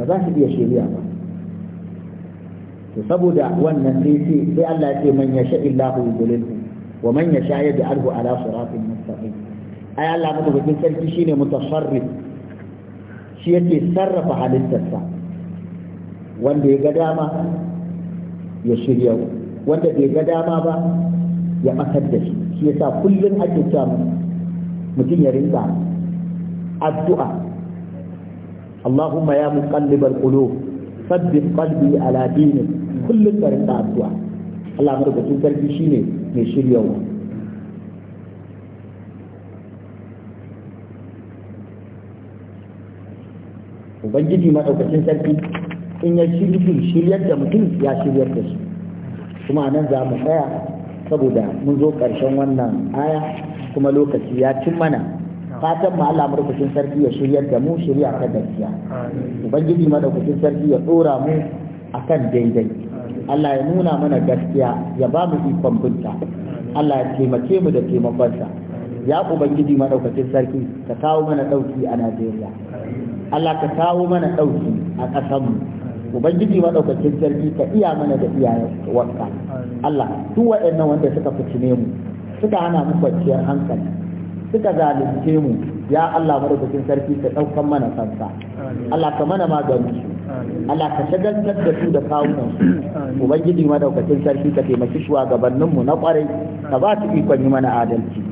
ba za su iya shirya ba to saboda wannan sai sai Allah ya ce man yasha illahu yudlil wa man yasha yaj'alhu ala siratin mustaqim ai Allah mu da sarki shine mutasarrif shi yake sarrafa halittarsa wanda ya ga dama ya shirya wanda bai ga dama ba ya matar da shi shi sa kullum ake cewa mutum ya rinka addu'a Allahumma ya muqallibal qulub sabbin kalbi ala dinik kullum ka rinka addu'a Allah madaukakin shi ne mai shiryawa ubangiji maɗaukacin sarki in ya shirya shiryar da mutum ya shiryar da shi kuma nan za mu tsaya saboda mun zo ƙarshen wannan aya kuma lokaci ya cin mana fatan ma Allah murkushin sarki ya shiryar da mu shirya ta gaskiya ubangiji madaukakin sarki ya dora mu akan daidai Allah ya nuna mana gaskiya ya ba mu ikon binta Allah ya taimake mu da taimakonsa ya ubangiji madaukakin sarki ka kawo mana dauki a Najeriya Allah ka kawo mana dauki a ƙasar mu ubangiji madaukakin sarki ka iya mana da iyayen wanka Allah duk waɗannan wanda suka fitine mu suka hana mu kwanciyar hankali suka zalunce mu ya Allah madaukakin sarki ka ɗaukan mana kansa Allah ka mana magani Allah ka shagaltar da su da kawunan su ubangiji maɗaukakin sarki ka taimaki shugabannin mu na kwarai ka ba su ikon yi mana adalci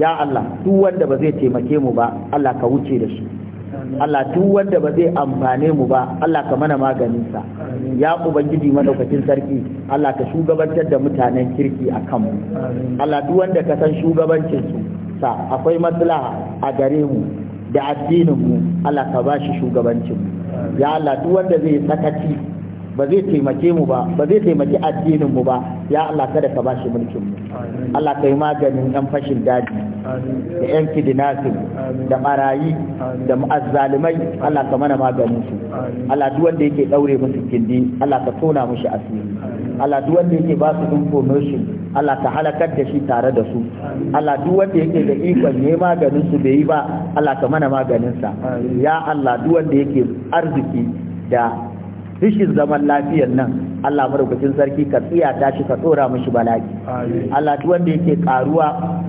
ya Allah duk wanda ba zai taimake mu ba Allah ka wuce da shi Allah duk wanda ba zai amfane mu ba Allah ka mana maganin sa ya ubangiji madaukakin sarki Allah ka shugabantar da mutanen kirki a mu Allah duk wanda ka san shugabancin su sa akwai maslaha a gare mu da addinin mu Allah ka shi shugabancin mu ya Allah duk wanda zai sakaci ba zai taimake mu ba ba zai taimake addinin mu ba ya Allah kada ka bashi mulkin mu Allah kai maganin yan fashin daji da yan kidnapping da marayi da mu'azzalimai Allah ka mana maganin su Allah duk wanda yake daure musu kindi. Allah ka tona mushi asiri Allah duk wanda yake ba su information Allah ka halakar da shi tare da su Allah duk wanda yake da ikon ne maganin su bai yi ba Allah ka mana maganin sa ya Allah duk wanda yake arziki da rishin zaman lafiyar nan Allah madaukakin sarki ka tsiya ta shi ka tsora mishi bala'i Allah duk wanda yake karuwa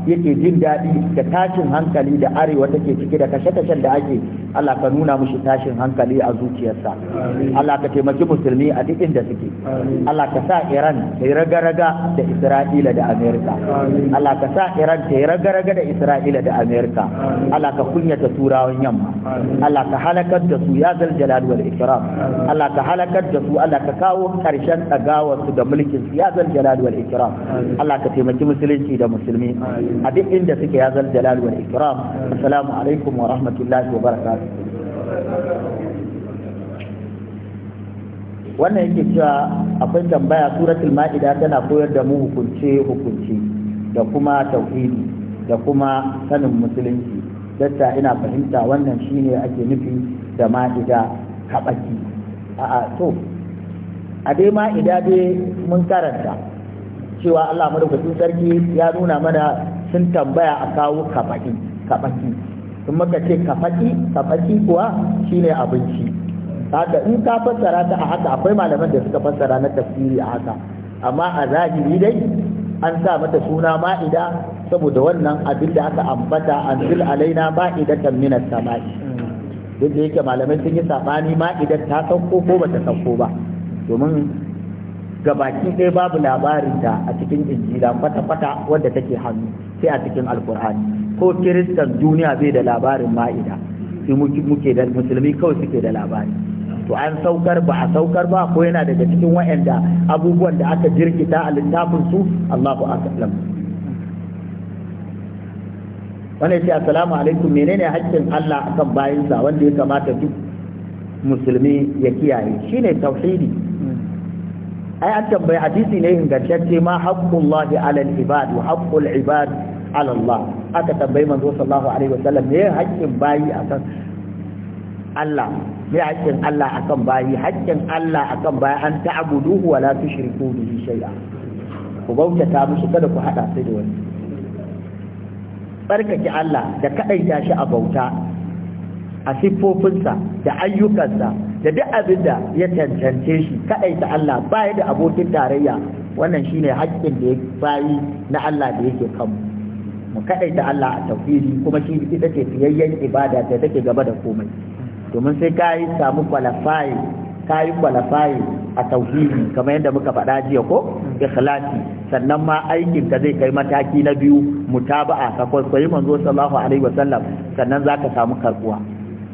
yake jin daɗi da tashin hankali da arewa take ciki da kashe-kashen da ake Allah ka nuna mishi tashin hankali a zuciyarsa Allah ka taimaki musulmi a duk inda suke Allah ka sa Iran ta yi raga-raga da Isra'ila da Amerika Allah ka sa Iran ta yi raga-raga da Isra'ila da Amerika Allah ka kunyata turawan yamma Allah ka halakar da su ya zal jalal wal ikram Allah ka halakar da su Allah ka kawo ƙarshe ƙarshen ɗagawarsu da mulkin su ya zal jalal wal ikram Allah ka taimaki musulunci da musulmi a duk inda suke ya zal jalal wal ikram assalamu alaikum wa rahmatullahi wa barakatuh wannan yake cewa akwai tambaya suratul ma'ida tana koyar da mu hukunce hukunce da kuma tauhidi da kuma sanin musulunci datta ina fahimta wannan shine ake nufi da ma'ida haɓaki a'a to a dai ma ida dai mun karanta cewa Allah madaukakin sarki ya nuna mana sun tambaya a kawo kafaki kafaki sun maka ce kafaki kafaki kuwa shine abinci haka in ka fassara ta a haka akwai malaman da suka fassara na tafsiri a haka amma a zahiri dai an sa mata suna ma'ida saboda wannan abin da aka ambata an zil alaina ma'idatan as sama'i duk da yake malamai sun yi sabani ma'idar ta sauko ko bata sauko ba domin gabaki ɗaya babu labarinta a cikin injila kwata-kwata wadda take hannu sai a cikin alkur'ani ko kiristan duniya bai da labarin ma'ida sai muke da musulmi kawai suke da labari to an saukar ba a saukar ba ko yana daga cikin wa'anda abubuwan da aka jirkita a littafin su Allahu akbar wannan ce assalamu alaikum menene haƙƙin Allah akan bayinsa wanda ya kamata duk musulmi ya kiyaye shine tauhidi ai an tambayi hadisi ne ingantacce ma haqqullahi alal ibad wa haqqul ibad ala Allah aka tambayi manzo sallallahu alaihi wasallam me haƙƙin bayi akan Allah me haƙƙin Allah akan bayi haƙƙin Allah akan bayi an ta'buduhu wa la tushriku bihi shay'a ku bautata musu kada ku hada sai da wani tsarkake Allah da kadaita shi a bauta a siffofinsa da ayyukansa da duk abin da ya cancance shi kadai da Allah baya da abokin tarayya wannan shine haƙƙin da ya bayi na Allah da yake kanmu mu kadai da Allah a tauhidi kuma shi ita ce fiyayyen ibada da take gaba da komai domin sai ka yi samu kwalafayi ka yi kwalafayi a tauhidi kamar yadda muka faɗa jiya ko ikhlasi sannan ma aikin ka zai kai mataki na biyu mutaba'a ka kwaikwayi manzo sallallahu alaihi wasallam sannan zaka samu karbuwa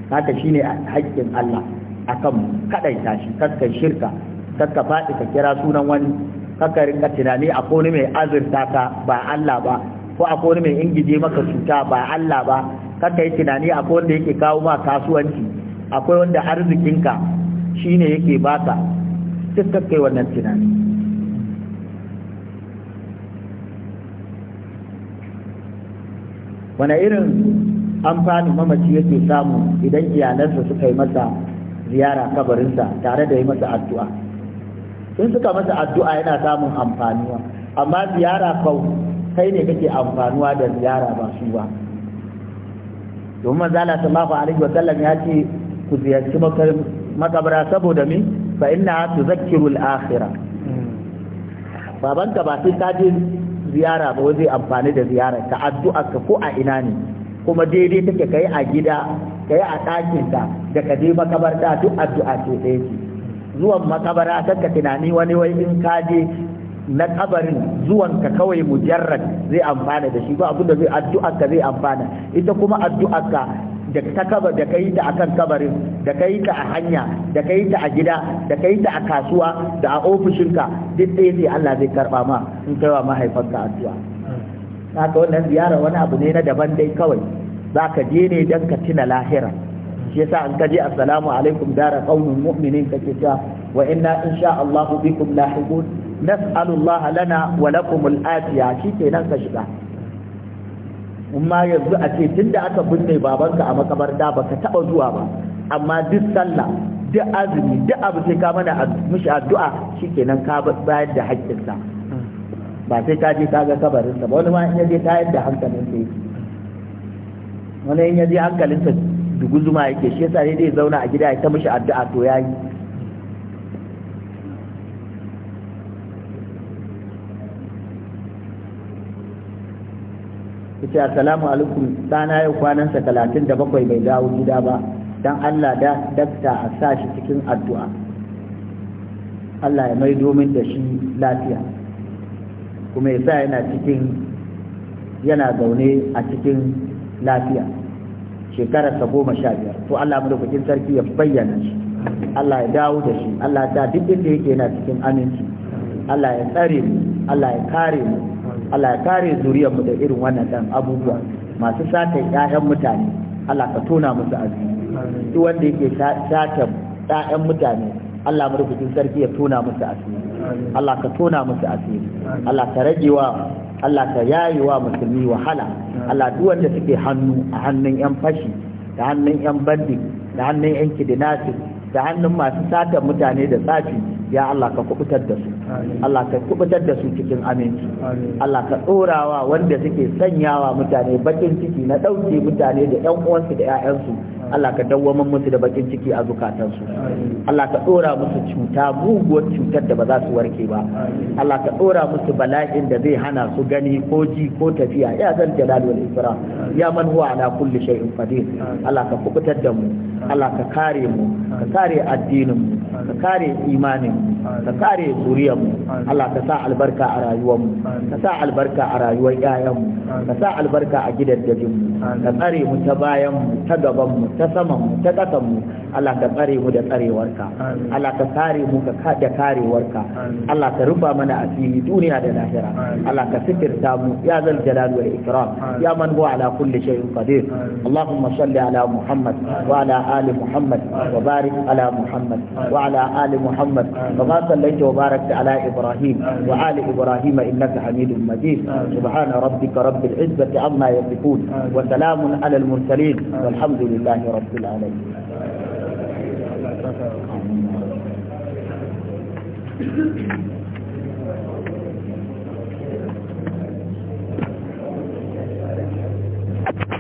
haka shine haƙƙin Allah a kan kadaita shi kakka shirka kakka faɗi ka kira sunan wani kakka rinka tunani a kone mai azurta ka ba Allah ba ko a kone mai ingije maka cuta ba Allah ba kakka yi tunani a wanda yake kawo ma kasuwanci akwai wanda arzikinka shi ne yake baka duk kai wannan tunani wani irin amfanin mamaci yake samu idan iyalansa suka yi masa ziyara kabarinsa tare da yi masa addu'a in suka masa addu'a yana samun amfanuwa amma ziyara kau kai ne kake amfanuwa da ziyara ba su ba domin manzala sallallahu alaihi wa sallam ya ce ku ziyarci makabara saboda mi fa inna tuzakkiru al-akhirah babanka ba sai ka je ziyara ba zai amfani da ziyara ta addu'a ka ko a ina ne kuma daidai take kai a gida kai a ɗakinka da ka je makabarta duk addu'a ce ɗaya ce zuwan makabara ka tunani wani wai in ka je na kabarin zuwan ka kawai mujarrad zai amfana da shi ba abinda zai addu'a ka zai amfana ita kuma addu'a ka da ta kaba da kai ta akan kabarin da kai ta a hanya da kai ta a gida da kai ta a kasuwa da a ofishinka duk ɗaya sai Allah zai karba ma in kai wa mahaifanka addu'a haka wannan ziyara wani abu ne na daban dai kawai za ka je ne don ka tuna lahira shi yasa an kaje assalamu alaikum dara qaumin mu'minin kake cewa wa inna insha Allah bikum lahiqun nas'alu Allah lana wa lakum al-afiya shikenan ka shiga amma yanzu a ce tunda aka binne babanka a makabarta baka taba zuwa ba amma duk sallah duk azumi duk abu sai ka mana mishi addu'a shikenan ka bayar da haƙƙinsa ba sai ka je ka ga kabarin ba wani ma in yaje ta yadda hankalin sa yake wani in yaje hankalin sa duguzuma yake shi yasa dai zauna a gida ya ta mishi addu'a to yayi yace assalamu alaikum dana yau kwanan sa 37 bai dawo gida ba dan Allah da dakta a sa shi cikin addu'a Allah ya mai domin da shi lafiya kuma ya sa yana cikin yana zaune a cikin lafiya shekara ta goma sha biyar to Allah madaukakin sarki ya bayyana shi Allah ya dawo da shi Allah ya duk inda yake yana cikin aminci Allah ya tsare mu Allah ya kare mu Allah ya kare zuriyar mu da irin wannan dan abubuwa masu sata ƴaƴan mutane Allah ka tona musu azumi duk wanda yake sata ƴaƴan mutane Allah madaukakin sarki ya tona musu asiri Allah ka tona musu asiri Allah ka rage Allah ka wa musulmi wahala Allah duk wanda suke hannu a hannun yan fashi da hannun yan bandi da hannun yan kidinasi da hannun masu sata mutane da tsafi ya Allah ka kubutar da su Allah ka kubutar da su cikin aminci Allah ka tsorawa wanda suke sanyawa mutane bakin ciki na ɗauke mutane da ƴan uwansu da ƴaƴansu Allah ka dawwaman musu da bakin ciki a zukatansu Allah ka tsora musu cuta muguwar cutar da ba za su warke ba Allah ka tsora musu bala'in da zai hana su gani ko ji ko tafiya ya zan jalal wal ikra ya man huwa ala kulli shay'in qadir Allah ka kubutar da mu Allah ka kare mu ka kare addinin mu ka kare imanin ka kare zuriyar mu Allah ka sa albarka a rayuwar mu ka sa albarka a rayuwar 'ya'yan mu ka sa albarka a gidan mu ka tsare mu ta bayan mu ta gaban mu ta saman mu ta ƙasan mu Allah ka tsare mu da tsarewarka Allah ka kare mu da karewarka Allah ka rufa mana asiri duniya da lahira Allah ka sitirta mu ya zal jalal wal ikram ya man huwa ala kulli shay'in qadir Allahumma salli ala Muhammad wa ala ali Muhammad wa barik ala Muhammad wa ala ali Muhammad كما صليت وباركت على إبراهيم وعلى إبراهيم إنك حميد مجيد سبحان ربك رب العزة عما يصفون وسلام على المرسلين والحمد لله رب العالمين Thank you.